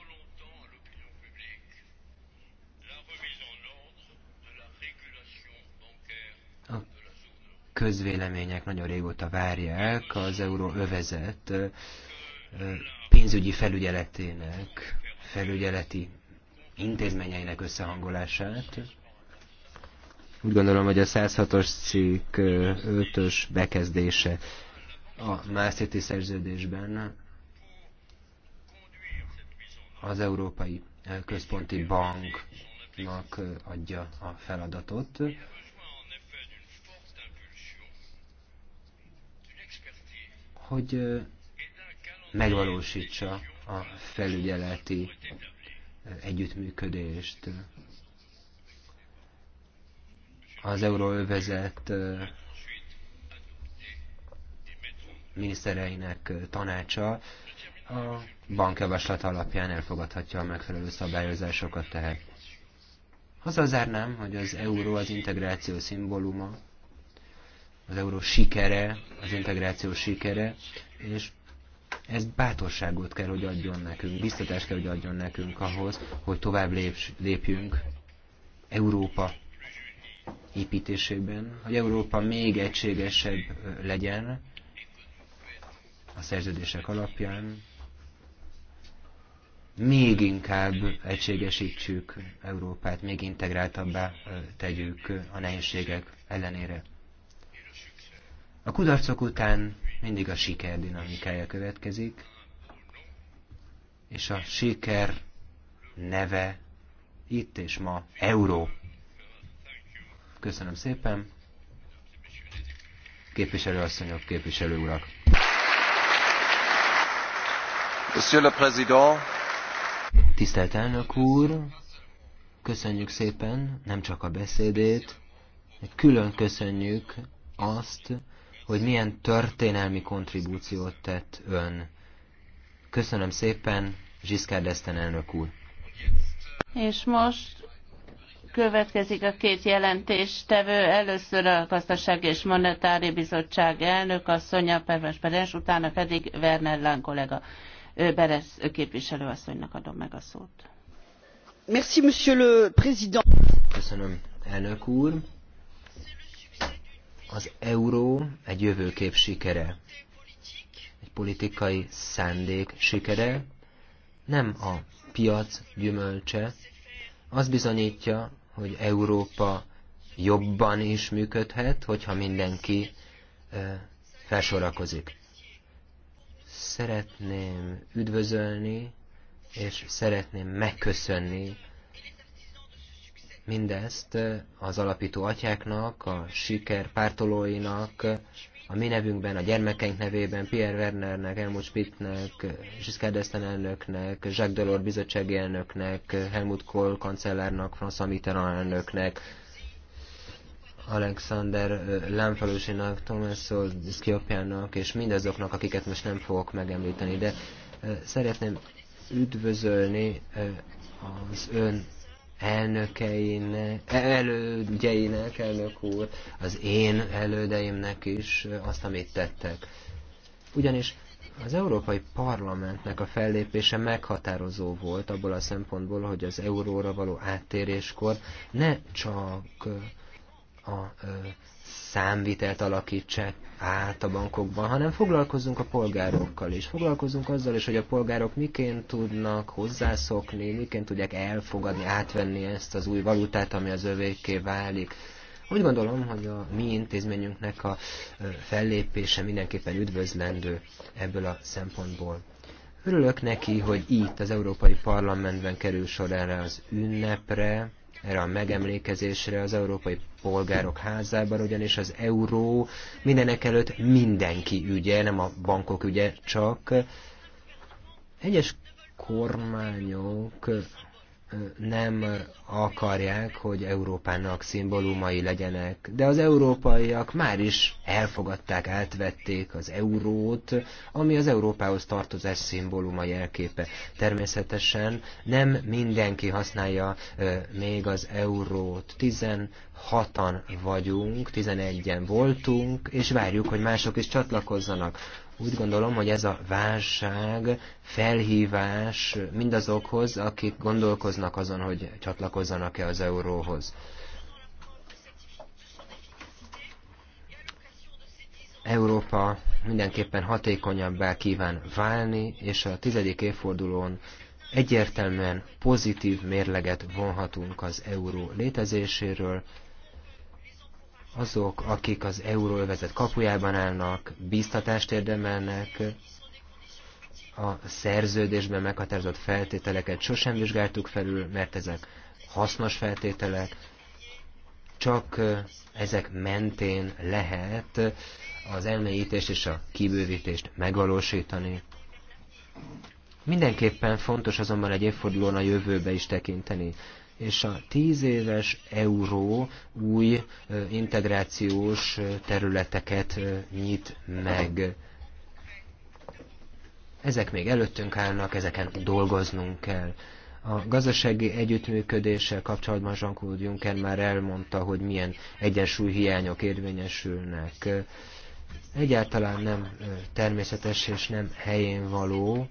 közvélemények nagyon régóta várják az euró övezet pénzügyi felügyeletének, felügyeleti intézményeinek összehangolását. Úgy gondolom, hogy a 106-os cikk 5-ös bekezdése a Mászéti szerződésben az Európai Központi Banknak adja a feladatot, hogy megvalósítsa a felügyeleti együttműködést. Az euróövezet minisztereinek tanácsa a bankjavaslat alapján elfogadhatja a megfelelő szabályozásokat tehát. Hazazárnám, hogy az euró az integráció szimbóluma, az euró sikere, az integráció sikere, és ez bátorságot kell, hogy adjon nekünk, biztatást kell, hogy adjon nekünk ahhoz, hogy tovább léps, lépjünk Európa építésében, hogy Európa még egységesebb legyen a szerződések alapján, még inkább egységesítsük Európát, még integráltabbá tegyük a nehézségek ellenére. A kudarcok után mindig a siker dinamikája következik, és a siker neve itt és ma euró. Köszönöm szépen. Képviselőasszonyok, képviselő urak. Monsieur le Président. Tisztelt elnök úr, köszönjük szépen nem csak a beszédét, külön köszönjük azt, hogy milyen történelmi kontribúciót tett ön. Köszönöm szépen, Zsiszkár Deszten elnök úr. És most következik a két jelentés tevő Először a Gazdaság és Monetári Bizottság elnök asszonya, Pervens Perens, utána pedig Werner Lán kollega. Ő Beres képviselőasszonynak adom meg a szót. Merci, monsieur le président. Köszönöm, elnök úr. Az euró egy jövőkép sikere, egy politikai szándék sikere, nem a piac gyümölcse. Az bizonyítja, hogy Európa jobban is működhet, hogyha mindenki felsorakozik. Szeretném üdvözölni, és szeretném megköszönni Mindezt az alapító atyáknak, a siker pártolóinak, a mi nevünkben, a gyermekeink nevében, Pierre Wernernek, Helmut Spittnek, Giscard d'Estaing elnöknek, Jacques Delors bizottsági elnöknek, Helmut Kohl kancellárnak, François Mitterrand elnöknek, Alexander Lámfalusinak, Thomas Szkiopjának, és mindazoknak, akiket most nem fogok megemlíteni, de szeretném üdvözölni az ön elnökeinek, elődjeinek, elnök úr, az én elődeimnek is azt, amit tettek. Ugyanis az Európai Parlamentnek a fellépése meghatározó volt abból a szempontból, hogy az euróra való áttéréskor ne csak a számvitelt alakítsák át a bankokban, hanem foglalkozzunk a polgárokkal is. Foglalkozzunk azzal is, hogy a polgárok miként tudnak hozzászokni, miként tudják elfogadni, átvenni ezt az új valutát, ami az övéké válik. Úgy gondolom, hogy a mi intézményünknek a fellépése mindenképpen üdvözlendő ebből a szempontból. Örülök neki, hogy itt az Európai Parlamentben kerül sor erre az ünnepre, erre a megemlékezésre az Európai Polgárok Házában, ugyanis az euró mindenek előtt mindenki ügye, nem a bankok ügye, csak egyes kormányok nem akarják, hogy Európának szimbólumai legyenek, de az európaiak már is elfogadták, átvették az eurót, ami az Európához tartozás szimbóluma jelképe. Természetesen nem mindenki használja még az eurót. 16-an vagyunk, 11-en voltunk, és várjuk, hogy mások is csatlakozzanak úgy gondolom, hogy ez a válság felhívás mindazokhoz, akik gondolkoznak azon, hogy csatlakozzanak-e az euróhoz. Európa mindenképpen hatékonyabbá kíván válni, és a tizedik évfordulón egyértelműen pozitív mérleget vonhatunk az euró létezéséről, azok, akik az euróövezet kapujában állnak, bíztatást érdemelnek, a szerződésben meghatározott feltételeket sosem vizsgáltuk felül, mert ezek hasznos feltételek, csak ezek mentén lehet az elmélyítést és a kibővítést megvalósítani. Mindenképpen fontos azonban egy évfordulón a jövőbe is tekinteni és a tíz éves euró új integrációs területeket nyit meg. Ezek még előttünk állnak, ezeken dolgoznunk kell. A gazdasági együttműködéssel kapcsolatban Jean-Claude Juncker már elmondta, hogy milyen egyensúlyhiányok érvényesülnek. Egyáltalán nem természetes és nem helyén való,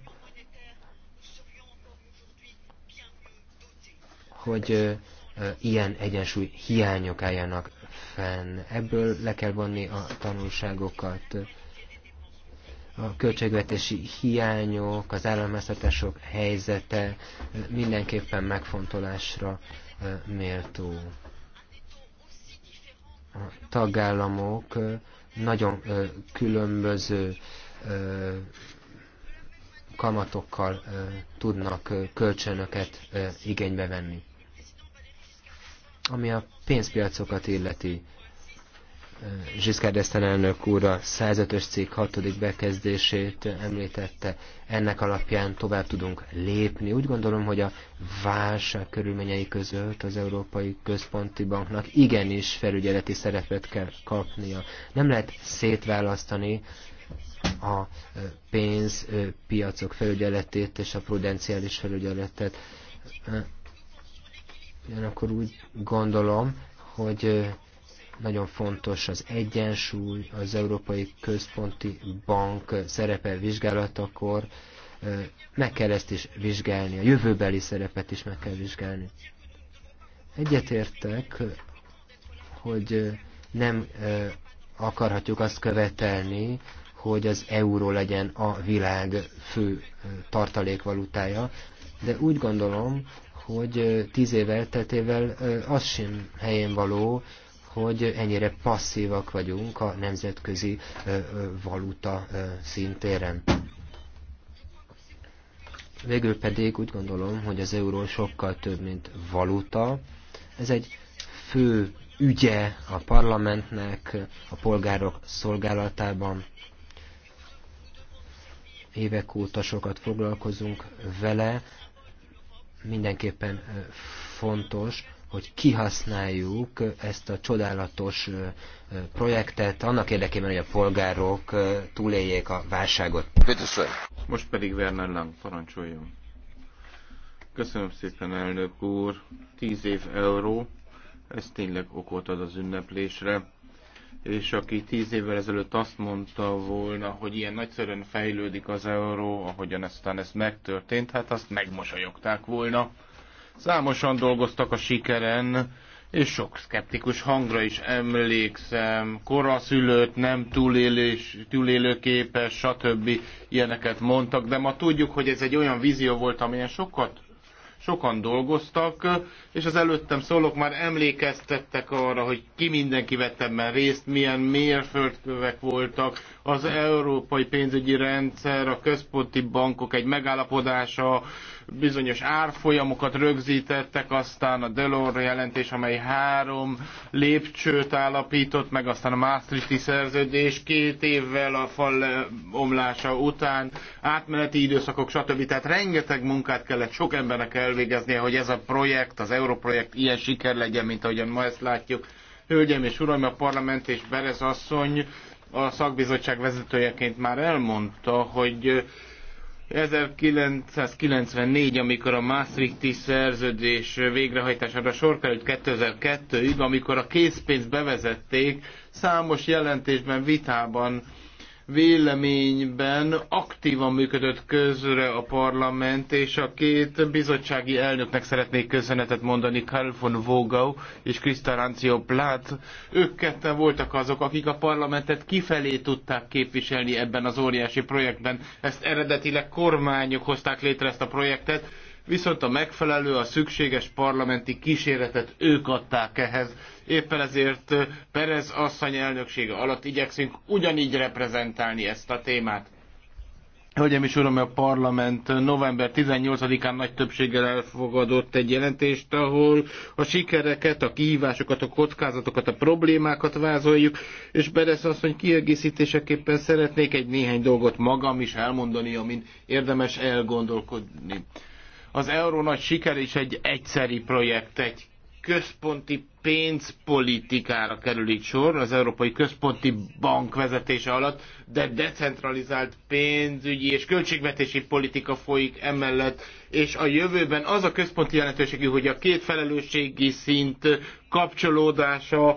hogy ilyen egyensúly hiányok álljanak fenn. Ebből le kell vonni a tanulságokat. A költségvetési hiányok, az államháztatások helyzete mindenképpen megfontolásra méltó. A tagállamok nagyon különböző kamatokkal tudnak kölcsönöket igénybe venni. Ami a pénzpiacokat illeti, Zsiszkár Deszten elnök úr a 105-ös cikk 6. bekezdését említette. Ennek alapján tovább tudunk lépni. Úgy gondolom, hogy a válság körülményei között az Európai Központi Banknak igenis felügyeleti szerepet kell kapnia. Nem lehet szétválasztani a pénzpiacok felügyeletét és a prudenciális felügyeletet Ugyanakkor úgy gondolom, hogy eh, nagyon fontos az egyensúly, az Európai Központi Bank szerepe vizsgálatakor, eh, meg kell ezt is vizsgálni, a jövőbeli szerepet is meg kell vizsgálni. Egyetértek, hogy eh, nem akarhatjuk azt követelni, hogy az euró legyen a világ fő tartalékvalutája, de úgy gondolom, hogy tíz év elteltével az sem helyén való, hogy ennyire passzívak vagyunk a nemzetközi valuta szintéren. Végül pedig úgy gondolom, hogy az euró sokkal több, mint valuta. Ez egy fő ügye a parlamentnek, a polgárok szolgálatában. Évek óta sokat foglalkozunk vele, mindenképpen fontos, hogy kihasználjuk ezt a csodálatos projektet annak érdekében, hogy a polgárok túléljék a válságot. Most pedig Werner Lang, parancsoljon. Köszönöm szépen, elnök úr. Tíz év euró, ez tényleg okot ad az ünneplésre és aki tíz évvel ezelőtt azt mondta volna, hogy ilyen nagyszerűen fejlődik az euró, ahogyan aztán ez megtörtént, hát azt megmosolyogták volna. Számosan dolgoztak a sikeren, és sok szkeptikus hangra is emlékszem, koraszülőt, nem túlélés, túlélőképes, stb. ilyeneket mondtak, de ma tudjuk, hogy ez egy olyan vízió volt, amilyen sokat sokan dolgoztak, és az előttem szólók már emlékeztettek arra, hogy ki mindenki vett ebben részt, milyen mérföldkövek voltak, az európai pénzügyi rendszer, a központi bankok egy megállapodása, bizonyos árfolyamokat rögzítettek, aztán a Delors jelentés, amely három lépcsőt állapított, meg aztán a Maastrichti szerződés két évvel a fal omlása után, átmeneti időszakok, stb. Tehát rengeteg munkát kellett sok embernek elvégeznie, hogy ez a projekt, az Europrojekt ilyen siker legyen, mint ahogyan ma ezt látjuk. Hölgyeim és Uraim, a parlament és Berez asszony a szakbizottság vezetőjeként már elmondta, hogy 1994, amikor a Maastrichti szerződés végrehajtására sor került 2002-ig, amikor a készpénzt bevezették, számos jelentésben, vitában véleményben aktívan működött közre a parlament, és a két bizottsági elnöknek szeretnék köszönetet mondani, Karl von Vogau és Krista Rancio Plát. Ők ketten voltak azok, akik a parlamentet kifelé tudták képviselni ebben az óriási projektben. Ezt eredetileg kormányok hozták létre ezt a projektet, viszont a megfelelő, a szükséges parlamenti kísérletet ők adták ehhez. Éppen ezért Perez asszony elnöksége alatt igyekszünk ugyanígy reprezentálni ezt a témát. Hölgyeim és Uram, a parlament november 18-án nagy többséggel elfogadott egy jelentést, ahol a sikereket, a kihívásokat, a kockázatokat, a problémákat vázoljuk, és Beresz asszony kiegészítéseképpen szeretnék egy néhány dolgot magam is elmondani, amin érdemes elgondolkodni. Az euró nagy siker is egy egyszeri projekt, egy központi pénzpolitikára kerül itt sor az Európai Központi Bank vezetése alatt, de decentralizált pénzügyi és költségvetési politika folyik emellett, és a jövőben az a központi jelentőségű, hogy a két felelősségi szint kapcsolódása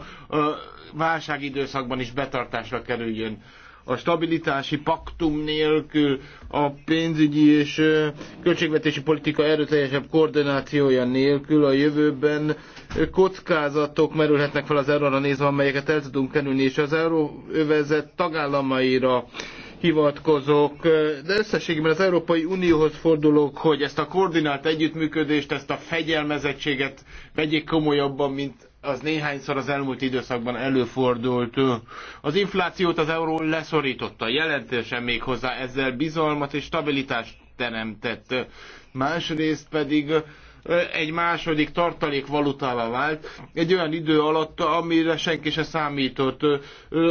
válságidőszakban is betartásra kerüljön a stabilitási paktum nélkül a pénzügyi és költségvetési politika erőteljesebb koordinációja nélkül a jövőben kockázatok merülhetnek fel az euróra nézve, amelyeket el tudunk kerülni, és az euróövezet tagállamaira hivatkozok, de összességében az Európai Unióhoz fordulok, hogy ezt a koordinált együttműködést, ezt a fegyelmezettséget vegyék komolyabban, mint az néhányszor az elmúlt időszakban előfordult. Az inflációt az euró leszorította, jelentősen még hozzá ezzel bizalmat és stabilitást teremtett. Másrészt pedig egy második tartalék valutává vált, egy olyan idő alatt, amire senki se számított.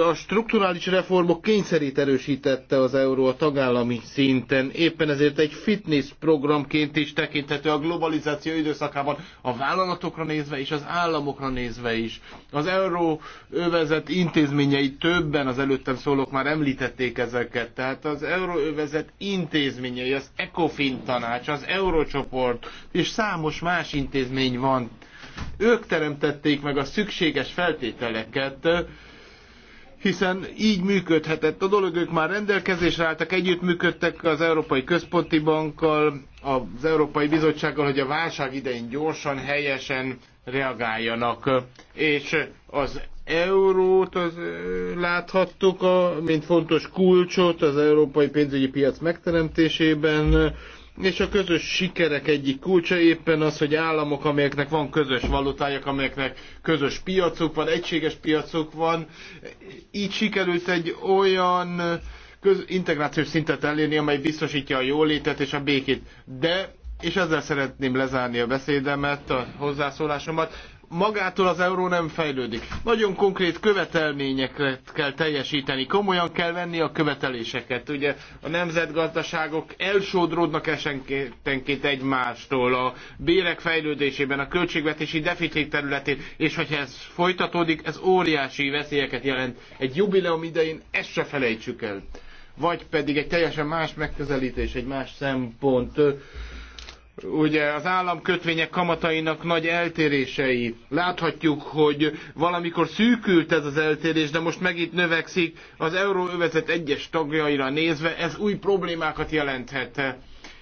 A strukturális reformok kényszerít erősítette az euró a tagállami szinten, éppen ezért egy fitness programként is tekinthető a globalizáció időszakában a vállalatokra nézve és az államokra nézve is. Az euró övezet intézményei többen az előttem szólók már említették ezeket, tehát az euró övezet intézményei, az ECOFIN tanács, az eurócsoport és számos számos más intézmény van. Ők teremtették meg a szükséges feltételeket, hiszen így működhetett a dolog, ők már rendelkezésre álltak, együttműködtek az Európai Központi Bankkal, az Európai Bizottsággal, hogy a válság idején gyorsan, helyesen reagáljanak. És az eurót az, láthattuk, a, mint fontos kulcsot az európai pénzügyi piac megteremtésében, és a közös sikerek egyik kulcsa éppen az, hogy államok, amelyeknek van közös valutájuk, amelyeknek közös piacuk van, egységes piacuk van, így sikerült egy olyan köz- integrációs szintet elérni, amely biztosítja a jólétet és a békét. De, és ezzel szeretném lezárni a beszédemet, a hozzászólásomat, magától az euró nem fejlődik. Nagyon konkrét követelményeket kell teljesíteni, komolyan kell venni a követeléseket. Ugye a nemzetgazdaságok elsodródnak esenként egymástól a bérek fejlődésében, a költségvetési deficit területén, és hogyha ez folytatódik, ez óriási veszélyeket jelent. Egy jubileum idején ezt se felejtsük el. Vagy pedig egy teljesen más megközelítés, egy más szempont ugye az államkötvények kamatainak nagy eltérései. Láthatjuk, hogy valamikor szűkült ez az eltérés, de most megint növekszik. Az euróövezet egyes tagjaira nézve ez új problémákat jelenthet.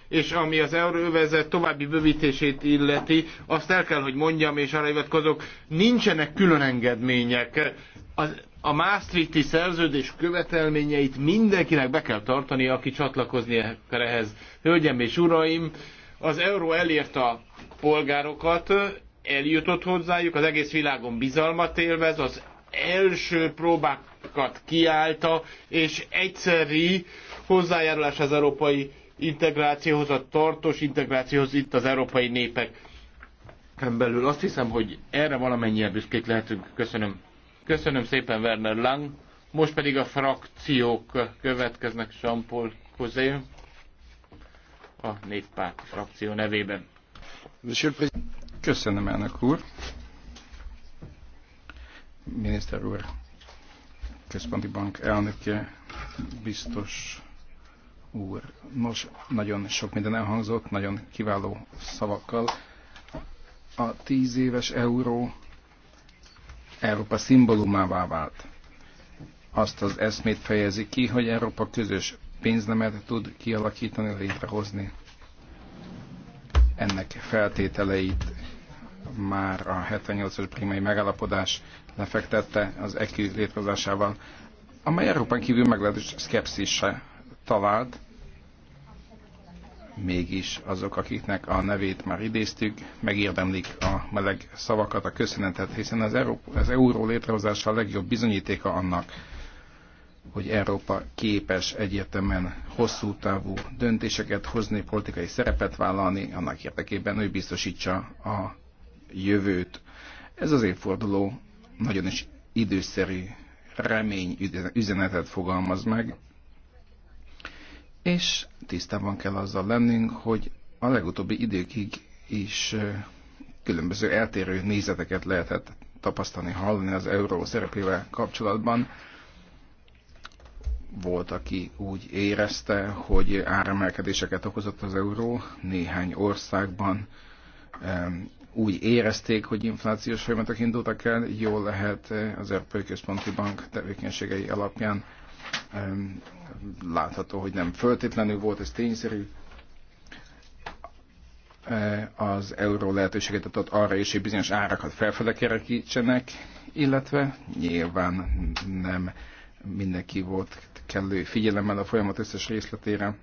És ami az euróövezet további bővítését illeti, azt el kell, hogy mondjam, és arra hivatkozok, nincsenek külön engedmények. Az, a Maastrichti szerződés követelményeit mindenkinek be kell tartani, aki csatlakozni akar ehhez. Hölgyem és uraim, az euró elért a polgárokat, eljutott hozzájuk, az egész világon bizalmat élvez, az első próbákat kiállta, és egyszerű hozzájárulás az európai integrációhoz, a tartós integrációhoz itt az európai népek belül. Azt hiszem, hogy erre valamennyien büszkék lehetünk. Köszönöm. Köszönöm szépen Werner Lang. Most pedig a frakciók következnek, Sampol paul a néppárt frakció nevében. Köszönöm, elnök úr. Miniszter úr, központi bank elnöke, biztos úr. Nos, nagyon sok minden elhangzott, nagyon kiváló szavakkal. A tíz éves euró Európa szimbólumává vált. Azt az eszmét fejezi ki, hogy Európa közös pénznemet tud kialakítani, létrehozni. Ennek feltételeit már a 78-as primai megállapodás lefektette az EQ létrehozásával, amely Európán kívül meglehetős szkepszisre talált. Mégis azok, akiknek a nevét már idéztük, megérdemlik a meleg szavakat, a köszönetet, hiszen az, Európa, az euró létrehozása a legjobb bizonyítéka annak, hogy Európa képes egyértelműen hosszú távú döntéseket hozni, politikai szerepet vállalni, annak érdekében, hogy biztosítsa a jövőt. Ez az évforduló nagyon is időszerű remény üzenetet fogalmaz meg, és tisztában kell azzal lennünk, hogy a legutóbbi időkig is különböző eltérő nézeteket lehetett tapasztalni, hallani az euró szerepével kapcsolatban volt, aki úgy érezte, hogy áremelkedéseket okozott az euró. Néhány országban úgy érezték, hogy inflációs folyamatok indultak el, jól lehet eh, az Európai Központi Bank tevékenységei alapján látható, hogy nem föltétlenül volt, ez tényszerű. Eh, az euró lehetőséget adott arra is, hogy bizonyos árakat felfele kerekítsenek, illetve nyilván nem mindenki volt kellő figyelemmel a folyamat összes részletére,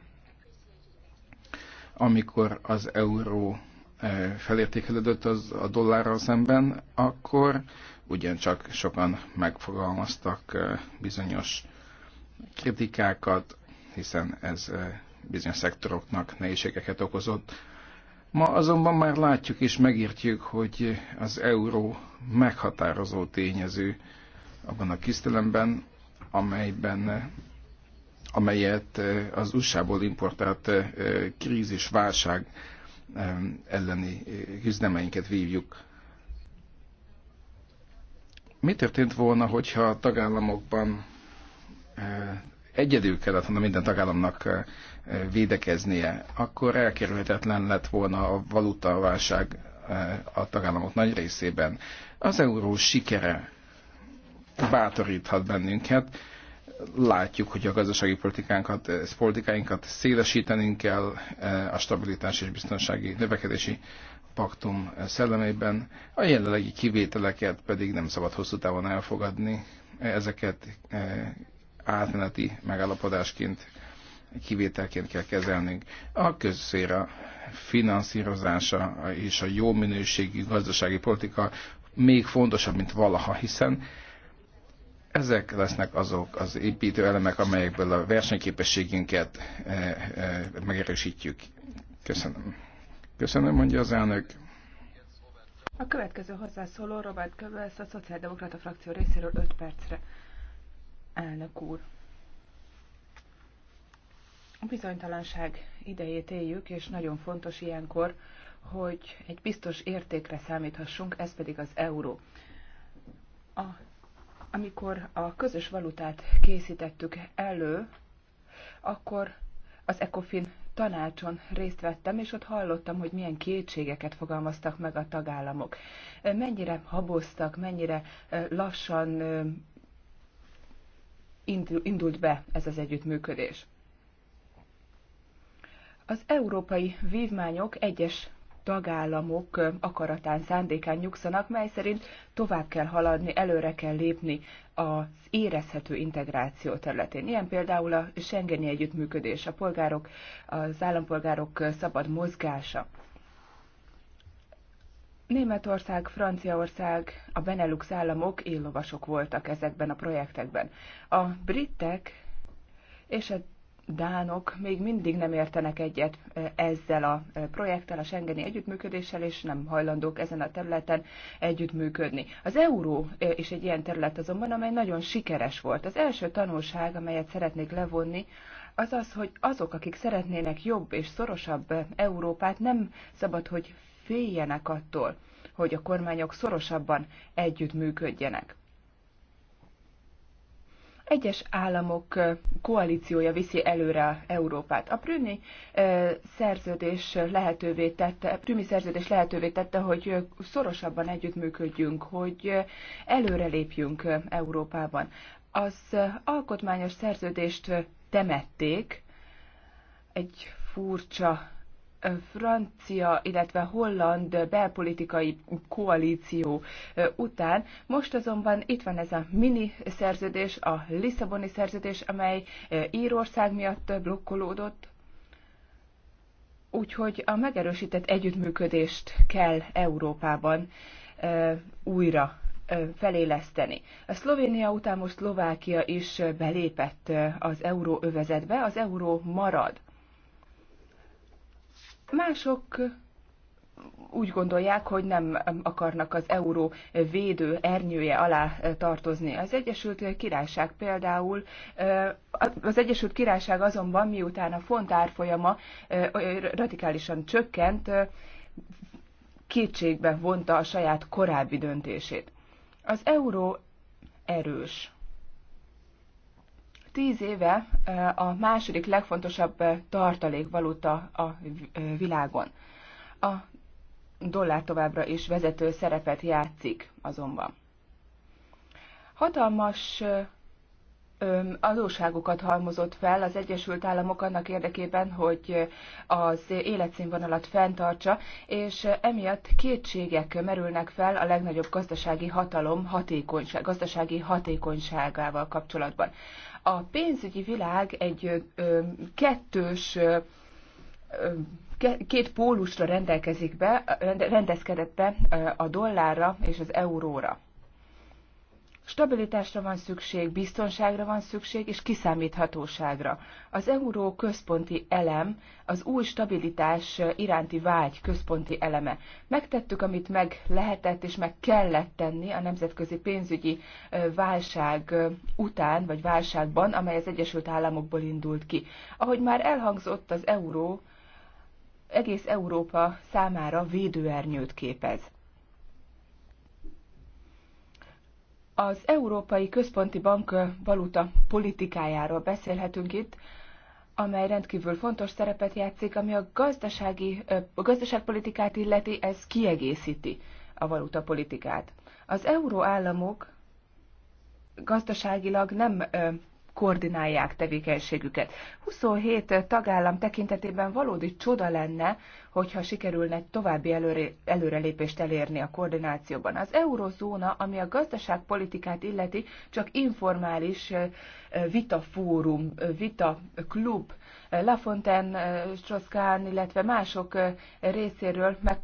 amikor az euró eh, felértékelődött az a dollárral szemben, akkor ugyancsak sokan megfogalmaztak eh, bizonyos kritikákat, hiszen ez eh, bizonyos szektoroknak nehézségeket okozott. Ma azonban már látjuk és megértjük, hogy az euró meghatározó tényező abban a küzdelemben, amelyben amelyet az USA-ból importált krízis, válság elleni küzdemeinket vívjuk. Mi történt volna, hogyha a tagállamokban egyedül kellett volna minden tagállamnak védekeznie, akkor elkerülhetetlen lett volna a valutaválság a tagállamok nagy részében. Az euró sikere bátoríthat bennünket, Látjuk, hogy a gazdasági politikánkat, eh, politikáinkat szélesítenünk kell eh, a stabilitás és biztonsági növekedési paktum eh, szellemében, a jelenlegi kivételeket pedig nem szabad hosszú távon elfogadni, ezeket átmeneti megállapodásként, kivételként kell kezelnünk. A közszéra finanszírozása és a jó minőségű gazdasági politika még fontosabb, mint valaha, hiszen ezek lesznek azok az építőelemek, amelyekből a versenyképességünket eh, eh, megerősítjük. Köszönöm. Köszönöm, mondja az elnök. A következő hozzászóló Robert Kövesz, a Szociáldemokrata frakció részéről 5 percre. Elnök úr. A bizonytalanság idejét éljük, és nagyon fontos ilyenkor, hogy egy biztos értékre számíthassunk, ez pedig az euró. A amikor a közös valutát készítettük elő, akkor az ECOFIN tanácson részt vettem, és ott hallottam, hogy milyen kétségeket fogalmaztak meg a tagállamok. Mennyire haboztak, mennyire lassan indult be ez az együttműködés. Az európai vívmányok egyes tagállamok akaratán, szándékán nyugszanak, mely szerint tovább kell haladni, előre kell lépni az érezhető integráció területén. Ilyen például a Schengeni együttműködés, a polgárok, az állampolgárok szabad mozgása. Németország, Franciaország, a Benelux államok éllovasok voltak ezekben a projektekben. A britek és a dánok még mindig nem értenek egyet e, ezzel a e, projekttel, a Schengeni együttműködéssel, és nem hajlandók ezen a területen együttműködni. Az euró e, is egy ilyen terület azonban, amely nagyon sikeres volt. Az első tanulság, amelyet szeretnék levonni, az az, hogy azok, akik szeretnének jobb és szorosabb Európát, nem szabad, hogy féljenek attól, hogy a kormányok szorosabban együttműködjenek egyes államok koalíciója viszi előre Európát. A Prümi szerződés lehetővé tette, Prümi szerződés lehetővé tette, hogy szorosabban együttműködjünk, hogy előrelépjünk Európában. Az alkotmányos szerződést temették, egy furcsa francia, illetve holland belpolitikai koalíció után. Most azonban itt van ez a mini szerződés, a Lisszaboni szerződés, amely Írország miatt blokkolódott. Úgyhogy a megerősített együttműködést kell Európában újra feléleszteni. A Szlovénia után most Szlovákia is belépett az euróövezetbe, az euró marad. Mások úgy gondolják, hogy nem akarnak az euró védő ernyője alá tartozni. Az Egyesült Királyság például, az Egyesült Királyság azonban miután a font árfolyama radikálisan csökkent, kétségbe vonta a saját korábbi döntését. Az euró erős Tíz éve a második legfontosabb tartalékvaluta a világon. A dollár továbbra is vezető szerepet játszik azonban. Hatalmas adóságokat halmozott fel az Egyesült Államok annak érdekében, hogy az életszínvonalat fenntartsa, és emiatt kétségek merülnek fel a legnagyobb gazdasági hatalom hatékonyság, gazdasági hatékonyságával kapcsolatban. A pénzügyi világ egy kettős két pólusra rendelkezik be, rendezkedett be a dollárra és az euróra. Stabilitásra van szükség, biztonságra van szükség, és kiszámíthatóságra. Az euró központi elem, az új stabilitás iránti vágy központi eleme. Megtettük, amit meg lehetett és meg kellett tenni a nemzetközi pénzügyi válság után, vagy válságban, amely az Egyesült Államokból indult ki. Ahogy már elhangzott, az euró egész Európa számára védőernyőt képez Az Európai Központi Bank valuta politikájáról beszélhetünk itt, amely rendkívül fontos szerepet játszik, ami a, gazdasági, a gazdaságpolitikát illeti, ez kiegészíti a valuta politikát. Az euróállamok gazdaságilag nem koordinálják tevékenységüket. 27 tagállam tekintetében valódi csoda lenne, hogyha sikerülne további előre, előrelépést elérni a koordinációban. Az eurozóna, ami a gazdaságpolitikát illeti, csak informális vitafórum, klub, Lafontaine, Stroszkán, illetve mások részéről meg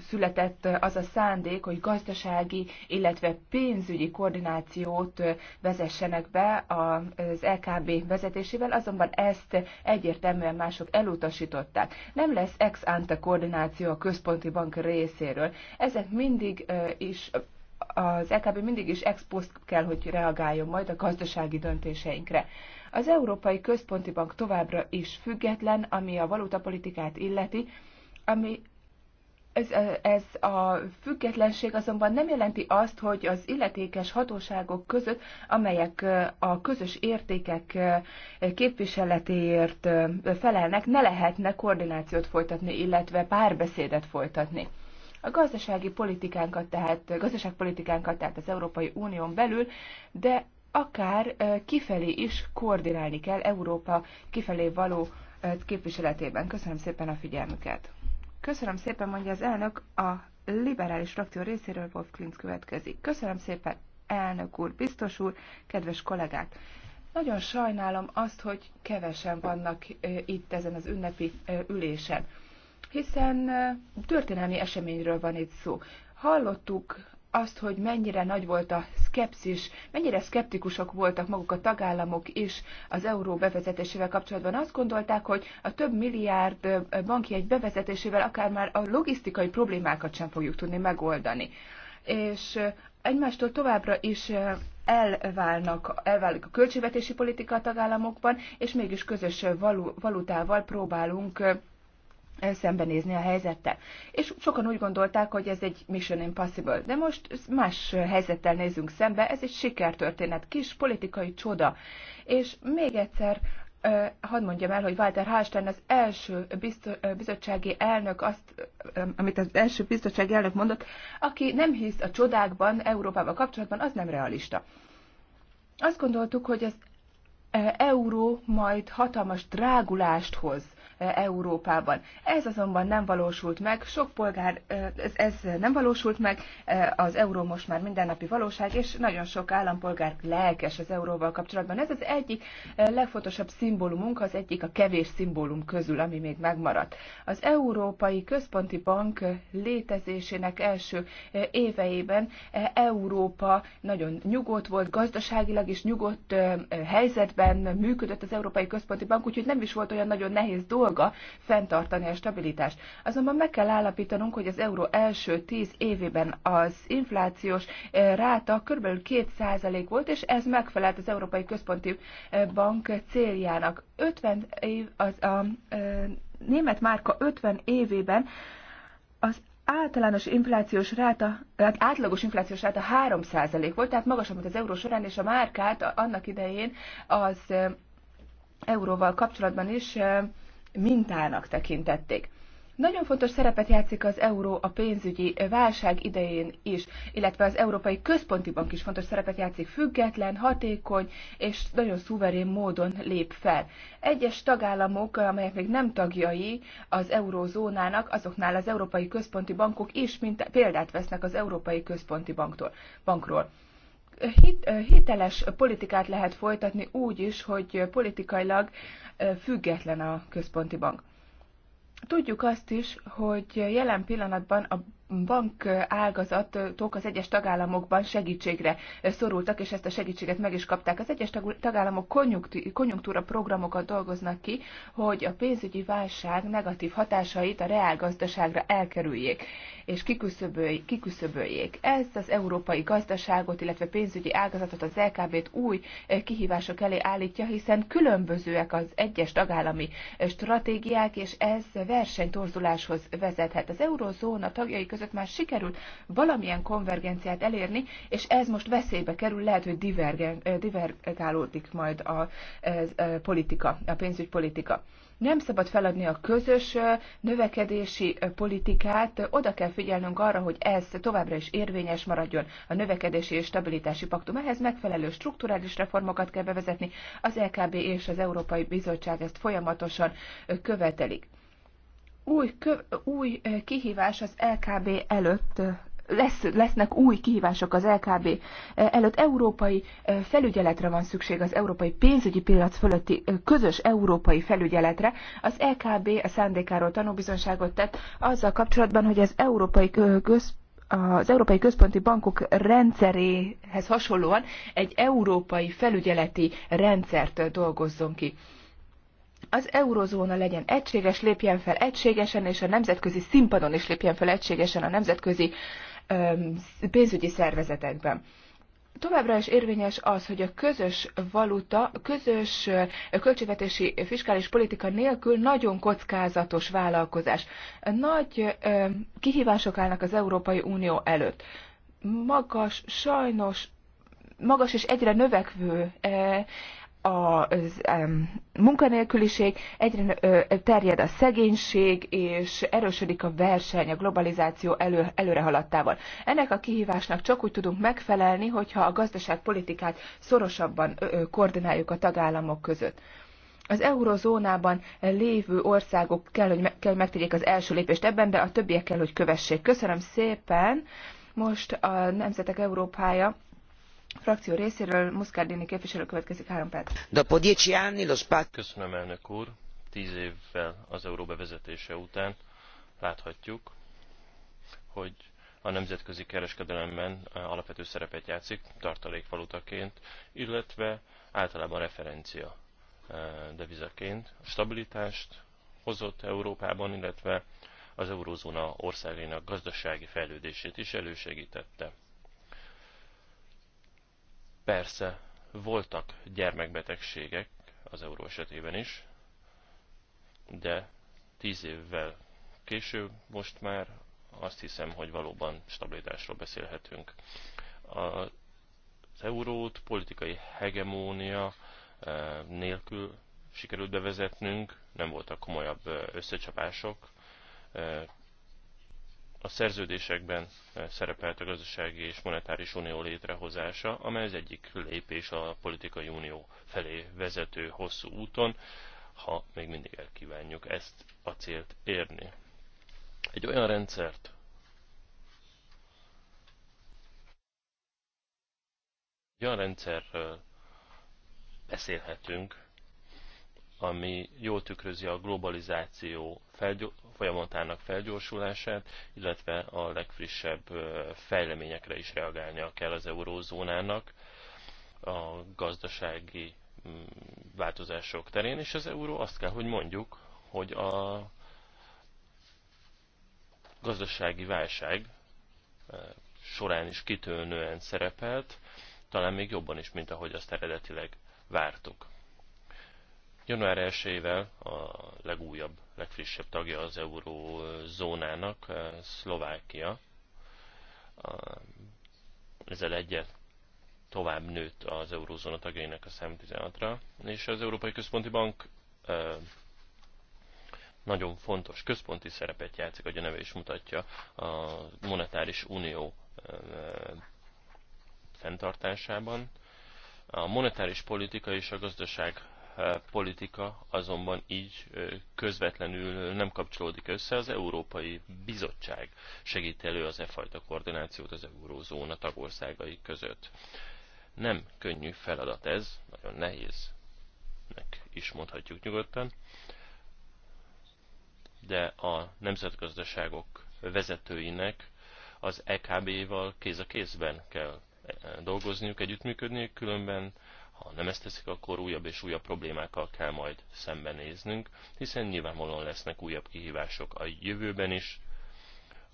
született az a szándék, hogy gazdasági, illetve pénzügyi koordinációt vezessenek be az LKB vezetésével, azonban ezt egyértelműen mások elutasították. Nem lesz ex ante koordináció a központi bank részéről. Ezek mindig is az EKB mindig is ex post kell, hogy reagáljon majd a gazdasági döntéseinkre. Az Európai Központi Bank továbbra is független, ami a valutapolitikát illeti, ami ez, ez a függetlenség azonban nem jelenti azt, hogy az illetékes hatóságok között, amelyek a közös értékek képviseletéért felelnek, ne lehetne koordinációt folytatni, illetve párbeszédet folytatni. A gazdasági politikánkat, tehát gazdaságpolitikánkat, tehát az Európai Unión belül, de akár kifelé is koordinálni kell Európa kifelé való képviseletében. Köszönöm szépen a figyelmüket! Köszönöm szépen, mondja az elnök, a liberális frakció részéről Wolf Klintz következik. Köszönöm szépen, elnök úr, biztos úr, kedves kollégák! Nagyon sajnálom azt, hogy kevesen vannak itt ezen az ünnepi ülésen, hiszen történelmi eseményről van itt szó. Hallottuk azt, hogy mennyire nagy volt a szkepszis, mennyire szkeptikusok voltak maguk a tagállamok is az euró bevezetésével kapcsolatban. Azt gondolták, hogy a több milliárd banki egy bevezetésével akár már a logisztikai problémákat sem fogjuk tudni megoldani. És egymástól továbbra is elválnak, elválik a költségvetési politika a tagállamokban, és mégis közös valutával próbálunk szembenézni a helyzettel. És sokan úgy gondolták, hogy ez egy Mission Impossible, de most más helyzettel nézünk szembe, ez egy sikertörténet, kis politikai csoda. És még egyszer hadd mondjam el, hogy Walter Hallstein az első bizottsági elnök azt, amit az első bizottsági elnök mondott, aki nem hisz a csodákban Európával kapcsolatban, az nem realista. Azt gondoltuk, hogy az euró majd hatalmas drágulást hoz Európában. Ez azonban nem valósult meg, sok polgár, ez, ez nem valósult meg, az euró most már mindennapi valóság, és nagyon sok állampolgár lelkes az euróval kapcsolatban. Ez az egyik legfontosabb szimbólumunk, az egyik a kevés szimbólum közül, ami még megmaradt. Az Európai Központi Bank létezésének első éveiben Európa nagyon nyugodt volt, gazdaságilag is nyugodt helyzetben működött az Európai Központi Bank, úgyhogy nem is volt olyan nagyon nehéz dolga, dolga fenntartani a stabilitást. Azonban meg kell állapítanunk, hogy az euró első tíz évében az inflációs eh, ráta kb. 2% volt, és ez megfelelt az Európai Központi eh, Bank céljának. 50 év, az, a, eh, német márka 50 évében az általános inflációs ráta, hát átlagos inflációs ráta 3% volt, tehát magasabb, mint az euró során, és a márkát annak idején az euróval kapcsolatban is mintának tekintették. Nagyon fontos szerepet játszik az euró a pénzügyi válság idején is, illetve az Európai Központi Bank is fontos szerepet játszik független, hatékony és nagyon szuverén módon lép fel. Egyes tagállamok, amelyek még nem tagjai az eurózónának, azoknál az Európai Központi Bankok is mint példát vesznek az Európai Központi Banktól, Bankról hit, hiteles politikát lehet folytatni úgy is, hogy politikailag független a központi bank. Tudjuk azt is, hogy jelen pillanatban a bank ágazatok az egyes tagállamokban segítségre szorultak, és ezt a segítséget meg is kapták. Az egyes tagállamok konjunktúra programokat dolgoznak ki, hogy a pénzügyi válság negatív hatásait a reálgazdaságra elkerüljék, és kiküszöböljék. Ezt az európai gazdaságot, illetve pénzügyi ágazatot, az LKB-t új kihívások elé állítja, hiszen különbözőek az egyes tagállami stratégiák, és ez versenytorzuláshoz vezethet. Az eurozóna tagjai között között már sikerült valamilyen konvergenciát elérni, és ez most veszélybe kerül, lehet, hogy divergen, divergálódik majd a, a politika, a pénzügypolitika. Nem szabad feladni a közös növekedési politikát, oda kell figyelnünk arra, hogy ez továbbra is érvényes maradjon. A növekedési és stabilitási paktum ehhez megfelelő strukturális reformokat kell bevezetni, az LKB e és az Európai Bizottság ezt folyamatosan követelik új, köv, új kihívás az LKB előtt lesz, lesznek új kihívások az LKB előtt. Európai felügyeletre van szükség az európai pénzügyi piac fölötti közös európai felügyeletre. Az LKB a szándékáról tanúbizonságot tett azzal kapcsolatban, hogy az európai köz az Európai Központi Bankok rendszeréhez hasonlóan egy európai felügyeleti rendszert dolgozzon ki az eurozóna legyen egységes, lépjen fel egységesen, és a nemzetközi színpadon is lépjen fel egységesen a nemzetközi pénzügyi szervezetekben. Továbbra is érvényes az, hogy a közös valuta, közös költségvetési fiskális politika nélkül nagyon kockázatos vállalkozás. Nagy kihívások állnak az Európai Unió előtt. Magas, sajnos magas és egyre növekvő a munkanélküliség, egyre terjed a szegénység, és erősödik a verseny a globalizáció elő, előrehaladtával. Ennek a kihívásnak csak úgy tudunk megfelelni, hogyha a gazdaságpolitikát szorosabban koordináljuk a tagállamok között. Az eurozónában lévő országok kell, hogy, me- kell, megtegyék az első lépést ebben, de a többiek kell, hogy kövessék. Köszönöm szépen! Most a Nemzetek Európája frakció részéről Muscardini képviselő következik három perc. Dopo dieci anni lo spazio... Köszönöm, elnök úr. Tíz évvel az euró bevezetése után láthatjuk, hogy a nemzetközi kereskedelemben eh, alapvető szerepet játszik tartalékvalutaként, illetve általában referencia eh, devizaként. stabilitást hozott Európában, illetve az eurózóna országainak gazdasági fejlődését is elősegítette. Persze, voltak gyermekbetegségek az euró esetében is, de tíz évvel később most már azt hiszem, hogy valóban stabilitásról beszélhetünk. Az eurót politikai hegemónia eh, nélkül sikerült bevezetnünk, nem voltak komolyabb eh, összecsapások, eh, a szerződésekben eh, szerepelt a gazdasági és monetáris unió létrehozása, amely az egyik lépés a politikai unió felé vezető hosszú úton, ha még mindig elkívánjuk ezt a célt érni. Egy olyan rendszert egy olyan rendszerről beszélhetünk, ami jól tükrözi a globalizáció folyamatának felgyorsulását, illetve a legfrissebb fejleményekre is reagálnia kell az eurózónának a gazdasági mm, változások terén, és az euró azt kell, hogy mondjuk, hogy a gazdasági válság során is kitűnően szerepelt, talán még jobban is, mint ahogy azt eredetileg vártuk. Január 1-ével a legújabb, legfrissebb tagja az eurózónának, eh, Szlovákia. Ezzel egyet tovább nőtt az eurózóna tagjainak a szám 16-ra, és az Európai Központi Bank eh, nagyon fontos központi szerepet játszik, hogy a neve is mutatja, a monetáris unió eh, fenntartásában. A monetáris politika és a gazdaság politika azonban így közvetlenül nem kapcsolódik össze. Az Európai Bizottság segít elő az e fajta koordinációt az eurózóna tagországai között. Nem könnyű feladat ez, nagyon nehéz, meg is mondhatjuk nyugodtan, de a nemzetgazdaságok vezetőinek az EKB-val kéz a kézben kell dolgozniuk, együttműködniük, különben ha nem ezt teszik, akkor újabb és újabb problémákkal kell majd szembenéznünk, hiszen nyilvánvalóan lesznek újabb kihívások a jövőben is,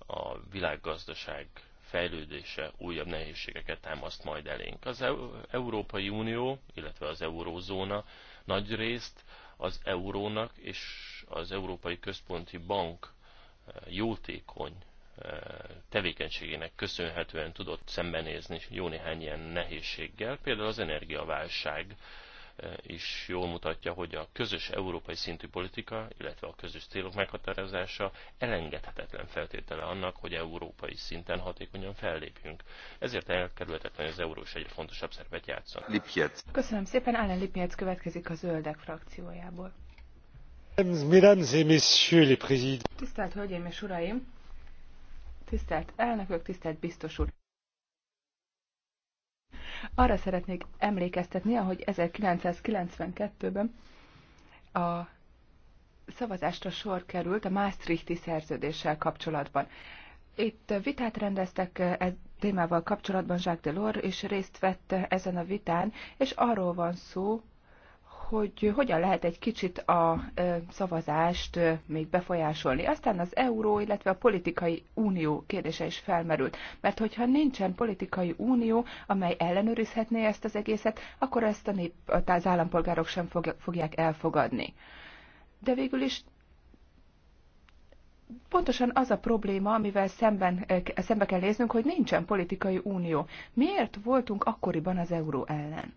a világgazdaság fejlődése újabb nehézségeket támaszt majd elénk. Az e-, Európai Unió, illetve az eurózóna nagy részt az eurónak és az Európai Központi Bank e, jótékony tevékenységének köszönhetően tudott szembenézni jó néhány ilyen nehézséggel. Például az energiaválság is jól mutatja, hogy a közös európai szintű politika, illetve a közös célok meghatározása elengedhetetlen feltétele annak, hogy európai szinten hatékonyan fellépjünk. Ezért elkerülhetetlen, az eurós egyre fontosabb szerepet játszon. Lipjec. Köszönöm szépen, Ellen Lipjec következik a Zöldek frakciójából. et messieurs Tisztelt Hölgyeim és Uraim! tisztelt elnökök, tisztelt biztos úr! Arra szeretnék emlékeztetni, ahogy 1992-ben a szavazásra sor került a Maastrichti szerződéssel kapcsolatban. Itt vitát rendeztek ez témával kapcsolatban Jacques Delors, és részt vett ezen a vitán, és arról van szó, hogy hogyan lehet egy kicsit a szavazást még befolyásolni. Aztán az euró, illetve a politikai unió kérdése is felmerült. Mert hogyha nincsen politikai unió, amely ellenőrizhetné ezt az egészet, akkor ezt a nép, az állampolgárok sem fogják elfogadni. De végül is pontosan az a probléma, amivel szemben, szembe kell néznünk, hogy nincsen politikai unió. Miért voltunk akkoriban az euró ellen?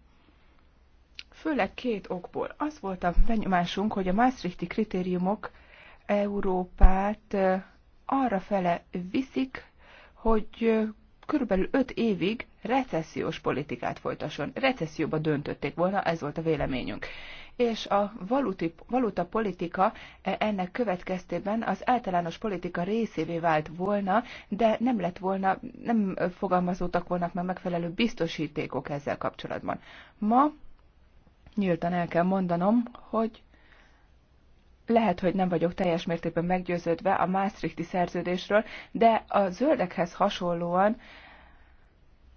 főleg két okból. Az volt a benyomásunk, hogy a Maastrichti kritériumok Európát arra fele viszik, hogy körülbelül öt évig recessziós politikát folytasson. Recesszióba döntötték volna, ez volt a véleményünk. És a valuti, valuta politika e, ennek következtében az általános politika részévé vált volna, de nem lett volna, nem fogalmazódtak volna meg megfelelő biztosítékok ezzel kapcsolatban. Ma nyíltan el kell mondanom, hogy lehet, hogy nem vagyok teljes mértékben meggyőződve a Maastrichti szerződésről, de a zöldekhez hasonlóan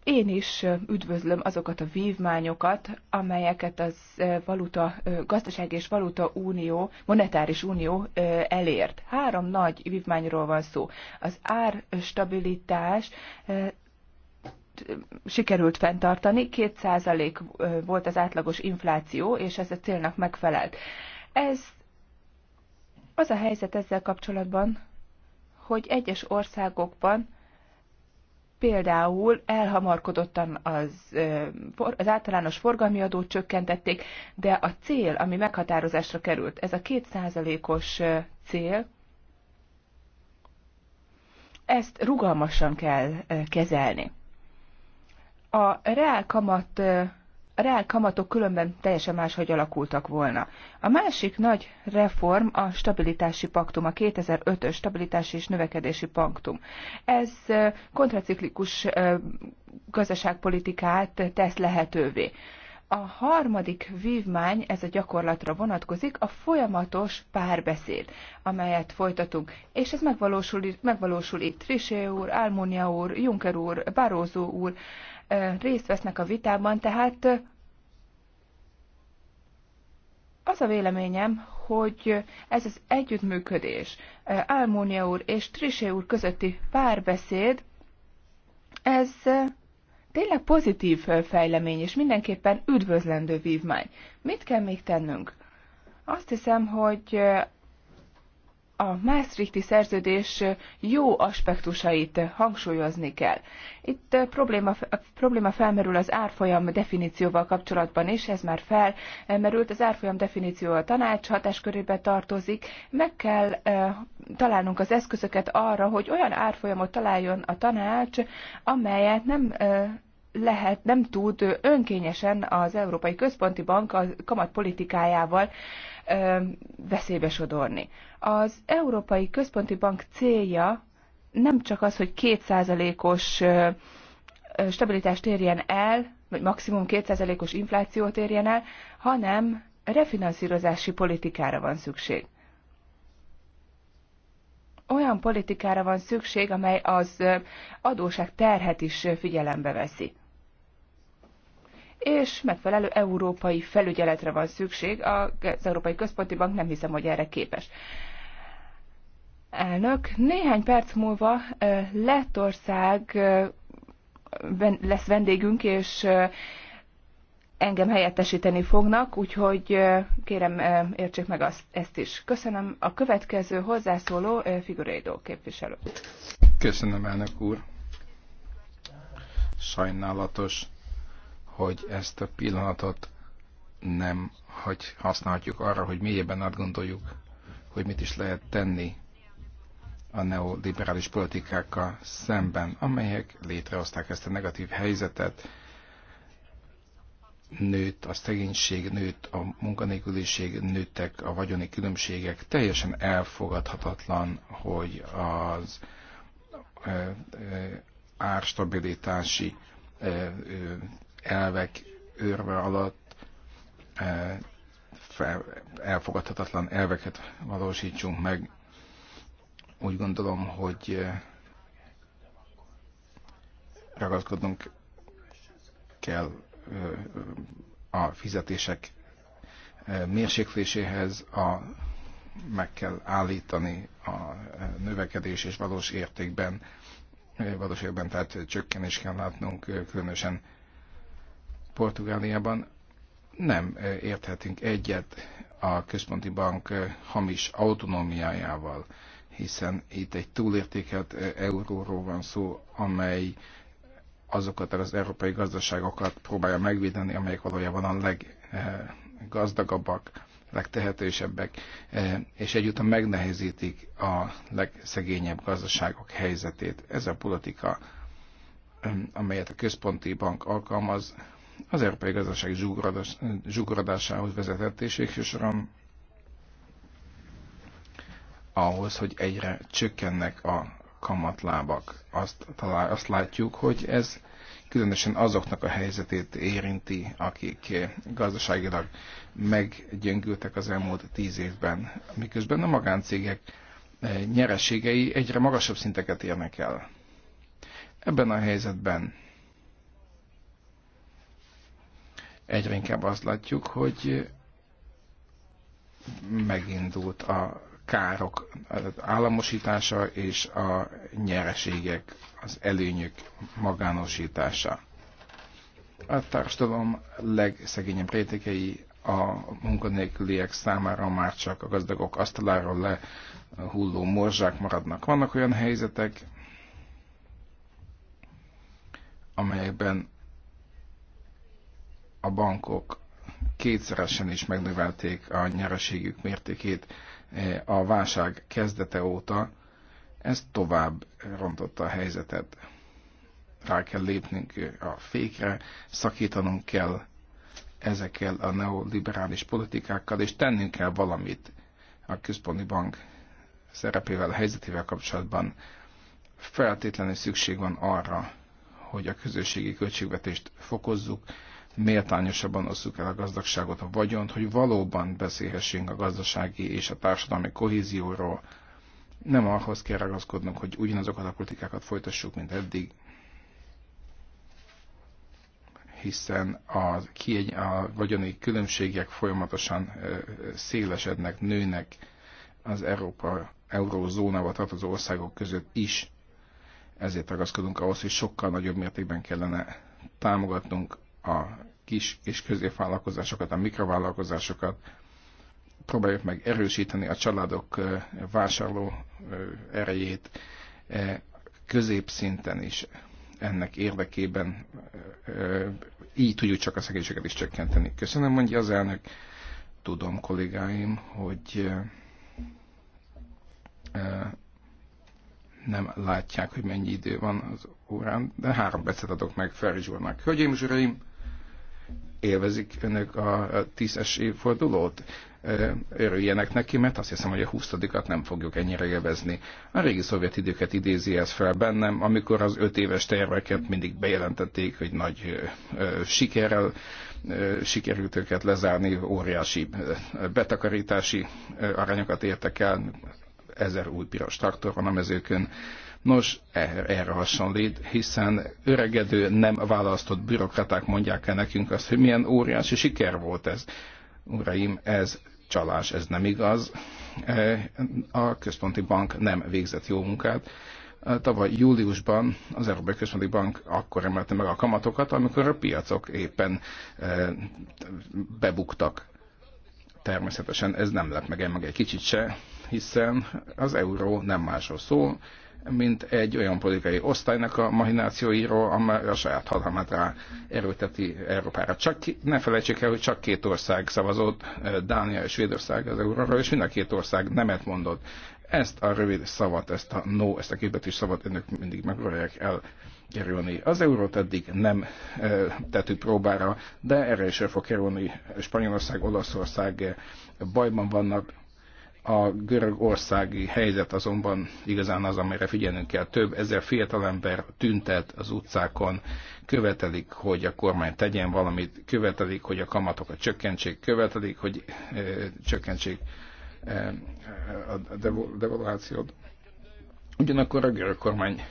én is üdvözlöm azokat a vívmányokat, amelyeket az valuta, gazdaság és valuta unió, monetáris unió elért. Három nagy vívmányról van szó. Az árstabilitás sikerült fenntartani, 2% volt az átlagos infláció, és ez a célnak megfelelt. Ez az a helyzet ezzel kapcsolatban, hogy egyes országokban például elhamarkodottan az, az általános forgalmi adót csökkentették, de a cél, ami meghatározásra került, ez a kétszázalékos cél, ezt rugalmasan kell kezelni a reál kamat a reál kamatok különben teljesen máshogy alakultak volna. A másik nagy reform a stabilitási paktum, a 2005-ös stabilitási és növekedési paktum. Ez kontraciklikus gazdaságpolitikát tesz lehetővé. A harmadik vívmány, ez a gyakorlatra vonatkozik, a folyamatos párbeszéd, amelyet folytatunk. És ez megvalósul, megvalósul itt Trisé úr, Almunia úr, Juncker úr, Barózó úr, részt vesznek a vitában, tehát az a véleményem, hogy ez az együttműködés, Almónia úr és Trisé úr közötti párbeszéd, ez tényleg pozitív fejlemény, és mindenképpen üdvözlendő vívmány. Mit kell még tennünk? Azt hiszem, hogy a Maastrichti szerződés jó aspektusait hangsúlyozni kell. Itt probléma, probléma felmerül az árfolyam definícióval kapcsolatban is, ez már felmerült. Az árfolyam definíció a tanács hatáskörébe tartozik. Meg kell eh, találnunk az eszközöket arra, hogy olyan árfolyamot találjon a tanács, amelyet nem eh, lehet, nem tud önkényesen az Európai Központi Bank a kamatpolitikájával veszélybe sodorni. Az Európai Központi Bank célja nem csak az, hogy kétszázalékos stabilitást érjen el, vagy maximum kétszázalékos inflációt érjen el, hanem refinanszírozási politikára van szükség olyan politikára van szükség, amely az adóság terhet is figyelembe veszi és megfelelő európai felügyeletre van szükség. Az Európai Központi Bank nem hiszem, hogy erre képes. Elnök, néhány perc múlva Lettország lesz vendégünk, és engem helyettesíteni fognak, úgyhogy kérem értsék meg azt, ezt is. Köszönöm. A következő hozzászóló Figurédó képviselő. Köszönöm, elnök úr. Sajnálatos, hogy ezt a pillanatot nem hogy használhatjuk arra, hogy mélyebben átgondoljuk, hogy mit is lehet tenni a neoliberális politikákkal szemben, amelyek létrehozták ezt a negatív helyzetet, nőtt a szegénység, nőtt a munkanélküliség, nőttek a vagyoni különbségek. Teljesen elfogadhatatlan, hogy az árstabilitási elvek őrve alatt eh, elfogadhatatlan elveket valósítsunk meg. Úgy gondolom, hogy eh, ragaszkodnunk kell eh, a fizetések mérsékléséhez, a, meg kell állítani a növekedés és valós értékben, valós értékben, tehát csökkenés kell látnunk, különösen Portugáliában nem érthetünk egyet a központi bank hamis autonómiájával, hiszen itt egy túlértékelt euróról van szó, amely azokat az európai gazdaságokat próbálja megvédeni, amelyek valójában a leggazdagabbak, legtehetősebbek, és egyúttal megnehezítik a legszegényebb gazdaságok helyzetét. Ez a politika, amelyet a központi bank alkalmaz, az európai gazdaság zsugorodásához vezetett, és végsősorban ahhoz, hogy egyre csökkennek a kamatlábak. Azt, talál, azt látjuk, hogy ez különösen azoknak a helyzetét érinti, akik gazdaságilag meggyöngültek az elmúlt tíz évben, miközben a magáncégek eh, nyereségei egyre magasabb szinteket érnek el. Ebben a helyzetben egyre inkább azt látjuk, hogy megindult a károk az államosítása és a nyereségek, az előnyök magánosítása. A társadalom legszegényebb rétegei a munkanélküliek számára már csak a gazdagok asztaláról hulló morzsák maradnak. Vannak olyan helyzetek, amelyekben a bankok kétszeresen is megnövelték a nyereségük mértékét eh, a válság kezdete óta, ez tovább rontotta a helyzetet. Rá kell lépnünk a fékre, szakítanunk kell ezekkel a neoliberális politikákkal, és tennünk kell valamit a központi bank szerepével, helyzetével kapcsolatban. Feltétlenül szükség van arra, hogy a közösségi költségvetést fokozzuk, méltányosabban osszuk el a gazdagságot, a vagyont, hogy valóban beszélhessünk a gazdasági és a társadalmi kohézióról. Nem ahhoz kell ragaszkodnunk, hogy ugyanazokat a politikákat folytassuk, mint eddig, hiszen a, kiegy, a vagyoni különbségek folyamatosan szélesednek, nőnek az Európa eurózónába tartozó országok között is. Ezért ragaszkodunk ahhoz, hogy sokkal nagyobb mértékben kellene támogatnunk a kis és középvállalkozásokat, a mikrovállalkozásokat, próbáljuk meg erősíteni a családok vásárló erejét középszinten is ennek érdekében így tudjuk csak a szegénységet is csökkenteni. Köszönöm, mondja az elnök. Tudom, kollégáim, hogy nem látják, hogy mennyi idő van az órán, de három becet adok meg Feri Zsornak. Hölgyeim és uraim, élvezik önök a tízes évfordulót? Örüljenek neki, mert azt hiszem, hogy a 20 nem fogjuk ennyire élvezni. A régi szovjet időket idézi ez fel bennem, amikor az öt éves terveket mindig bejelentették, hogy nagy sikerrel sikerült őket lezárni, óriási betakarítási arányokat értek el, ezer új piros traktor van a mezőkön, Nos, er-, erre hasonlít, hiszen öregedő, nem választott bürokraták mondják el nekünk azt, hogy milyen óriási siker volt ez. Uraim, ez csalás, ez nem igaz. E, a központi bank nem végzett jó munkát. E, tavaly júliusban az Európai Központi Bank akkor emelte meg a kamatokat, amikor a piacok éppen e, bebuktak. Természetesen ez nem lett meg meg egy kicsit se, hiszen az euró nem másról szól, mint egy olyan politikai osztálynak a mahinációiról, amely a saját hatalmát rá erőteti Európára. Csak ne felejtsék el, hogy csak két ország szavazott, eh, Dánia és Svédország az euróra, és mind a két ország nemet mondott. Ezt a rövid szavat, ezt a no, ezt a képetű szavat önök mindig megpróbálják el kerülni. Az eurót eddig nem e, tettük próbára, de erre is el fog kerülni. Spanyolország, Olaszország eh, bajban vannak, a görögországi helyzet azonban igazán az, amire figyelnünk kell. Több ezer fiatalember tüntet az utcákon, követelik, hogy a kormány tegyen valamit, követelik, hogy a kamatokat csökkentsék, követelik, hogy ö, eh, csökkentsék ö, eh, a devaluációt. Ugyanakkor a görög kormány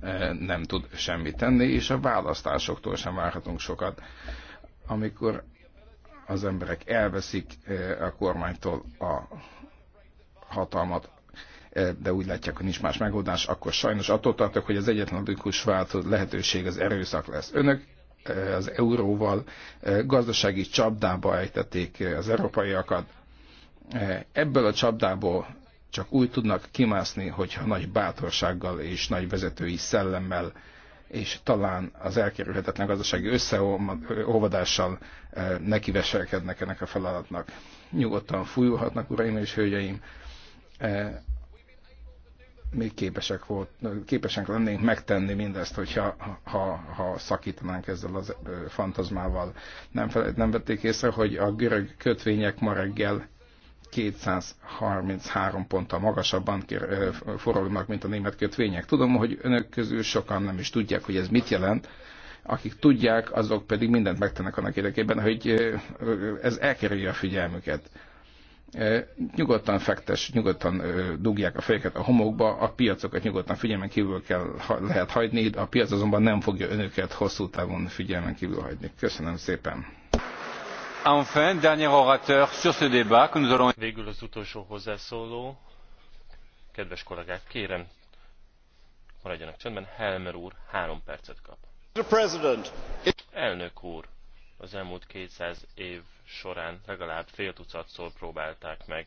ö, eh, nem tud semmit tenni, és a választásoktól sem várhatunk sokat. Amikor az emberek elveszik a kormánytól a hatalmat, e, de úgy látják, hogy nincs más megoldás, akkor sajnos attól tartok, hogy az egyetlen logikus váltó lehetőség az erőszak lesz. Önök e, az euróval e, gazdasági csapdába ejtették az európaiakat. Ebből a csapdából csak úgy tudnak kimászni, hogyha nagy bátorsággal és nagy vezetői szellemmel és talán az elkerülhetetlen gazdasági összeolvadással nekiveselkednek ennek a feladatnak. Nyugodtan fújulhatnak, uraim és hölgyeim, E, még képesek volt, képesek lennénk megtenni mindezt, hogyha ha, ha szakítanánk ezzel az fantazmával. Nem, fel, nem vették észre, hogy a görög kötvények ma reggel 233 ponttal magasabban forognak, mint a német kötvények. Tudom, hogy önök közül sokan nem is tudják, hogy ez mit jelent. Akik tudják, azok pedig mindent megtennek annak érdekében, hogy ez elkerülje a figyelmüket nyugodtan fektes, nyugodtan dugják a fejeket a homokba, a piacokat nyugodtan figyelmen kívül kell, lehet hagyni, a piac azonban nem fogja önöket hosszú távon figyelmen kívül hagyni. Köszönöm szépen! Enfin, dernier orateur sur ce débat que nous allons... Végül az utolsó hozzászóló. Kedves kollégák, kérem, maradjanak csendben. Helmer úr három percet kap. Elnök úr, az elmúlt 200 év során legalább fél tucatszor próbálták meg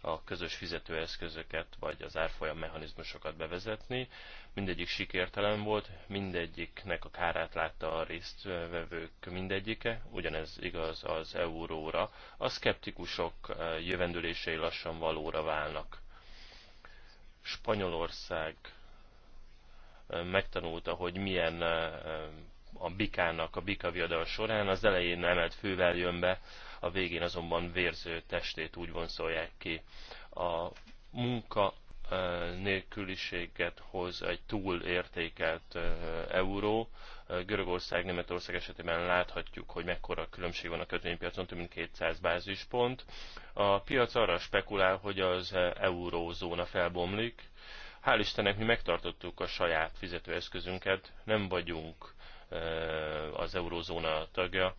a közös fizetőeszközöket vagy az árfolyam mechanizmusokat bevezetni. Mindegyik sikertelen volt, mindegyiknek a kárát látta a résztvevők mindegyike, ugyanez igaz az euróra. A szkeptikusok eh, jövendőlései lassan valóra válnak. Spanyolország eh, megtanulta, hogy milyen eh, a bikának a bika viadal során, az elején emelt fővel jön be, a végén azonban vérző testét úgy vonszolják ki. A munka eh, nélküliséget hoz egy túlértékelt eh, euró. Eh, Görögország, Németország esetében láthatjuk, hogy mekkora különbség van a kötvénypiacon, több mint 200 bázispont. A piac arra spekulál, hogy az eurózóna felbomlik. Hál' Istennek mi megtartottuk a saját fizetőeszközünket, nem vagyunk az eurózóna tagja.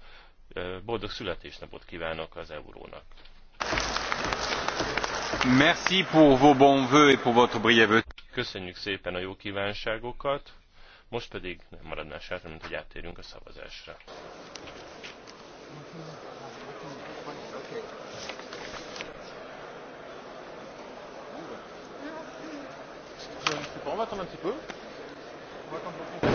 Boldog születésnapot kívánok az eurónak! Merci pour vos bons vœux et pour votre briève. Köszönjük szépen a jó kívánságokat, most pedig nem maradná sátra, mint hogy áttérjünk a szavazásra. On va attendre un petit peu. On va attendre un petit peu.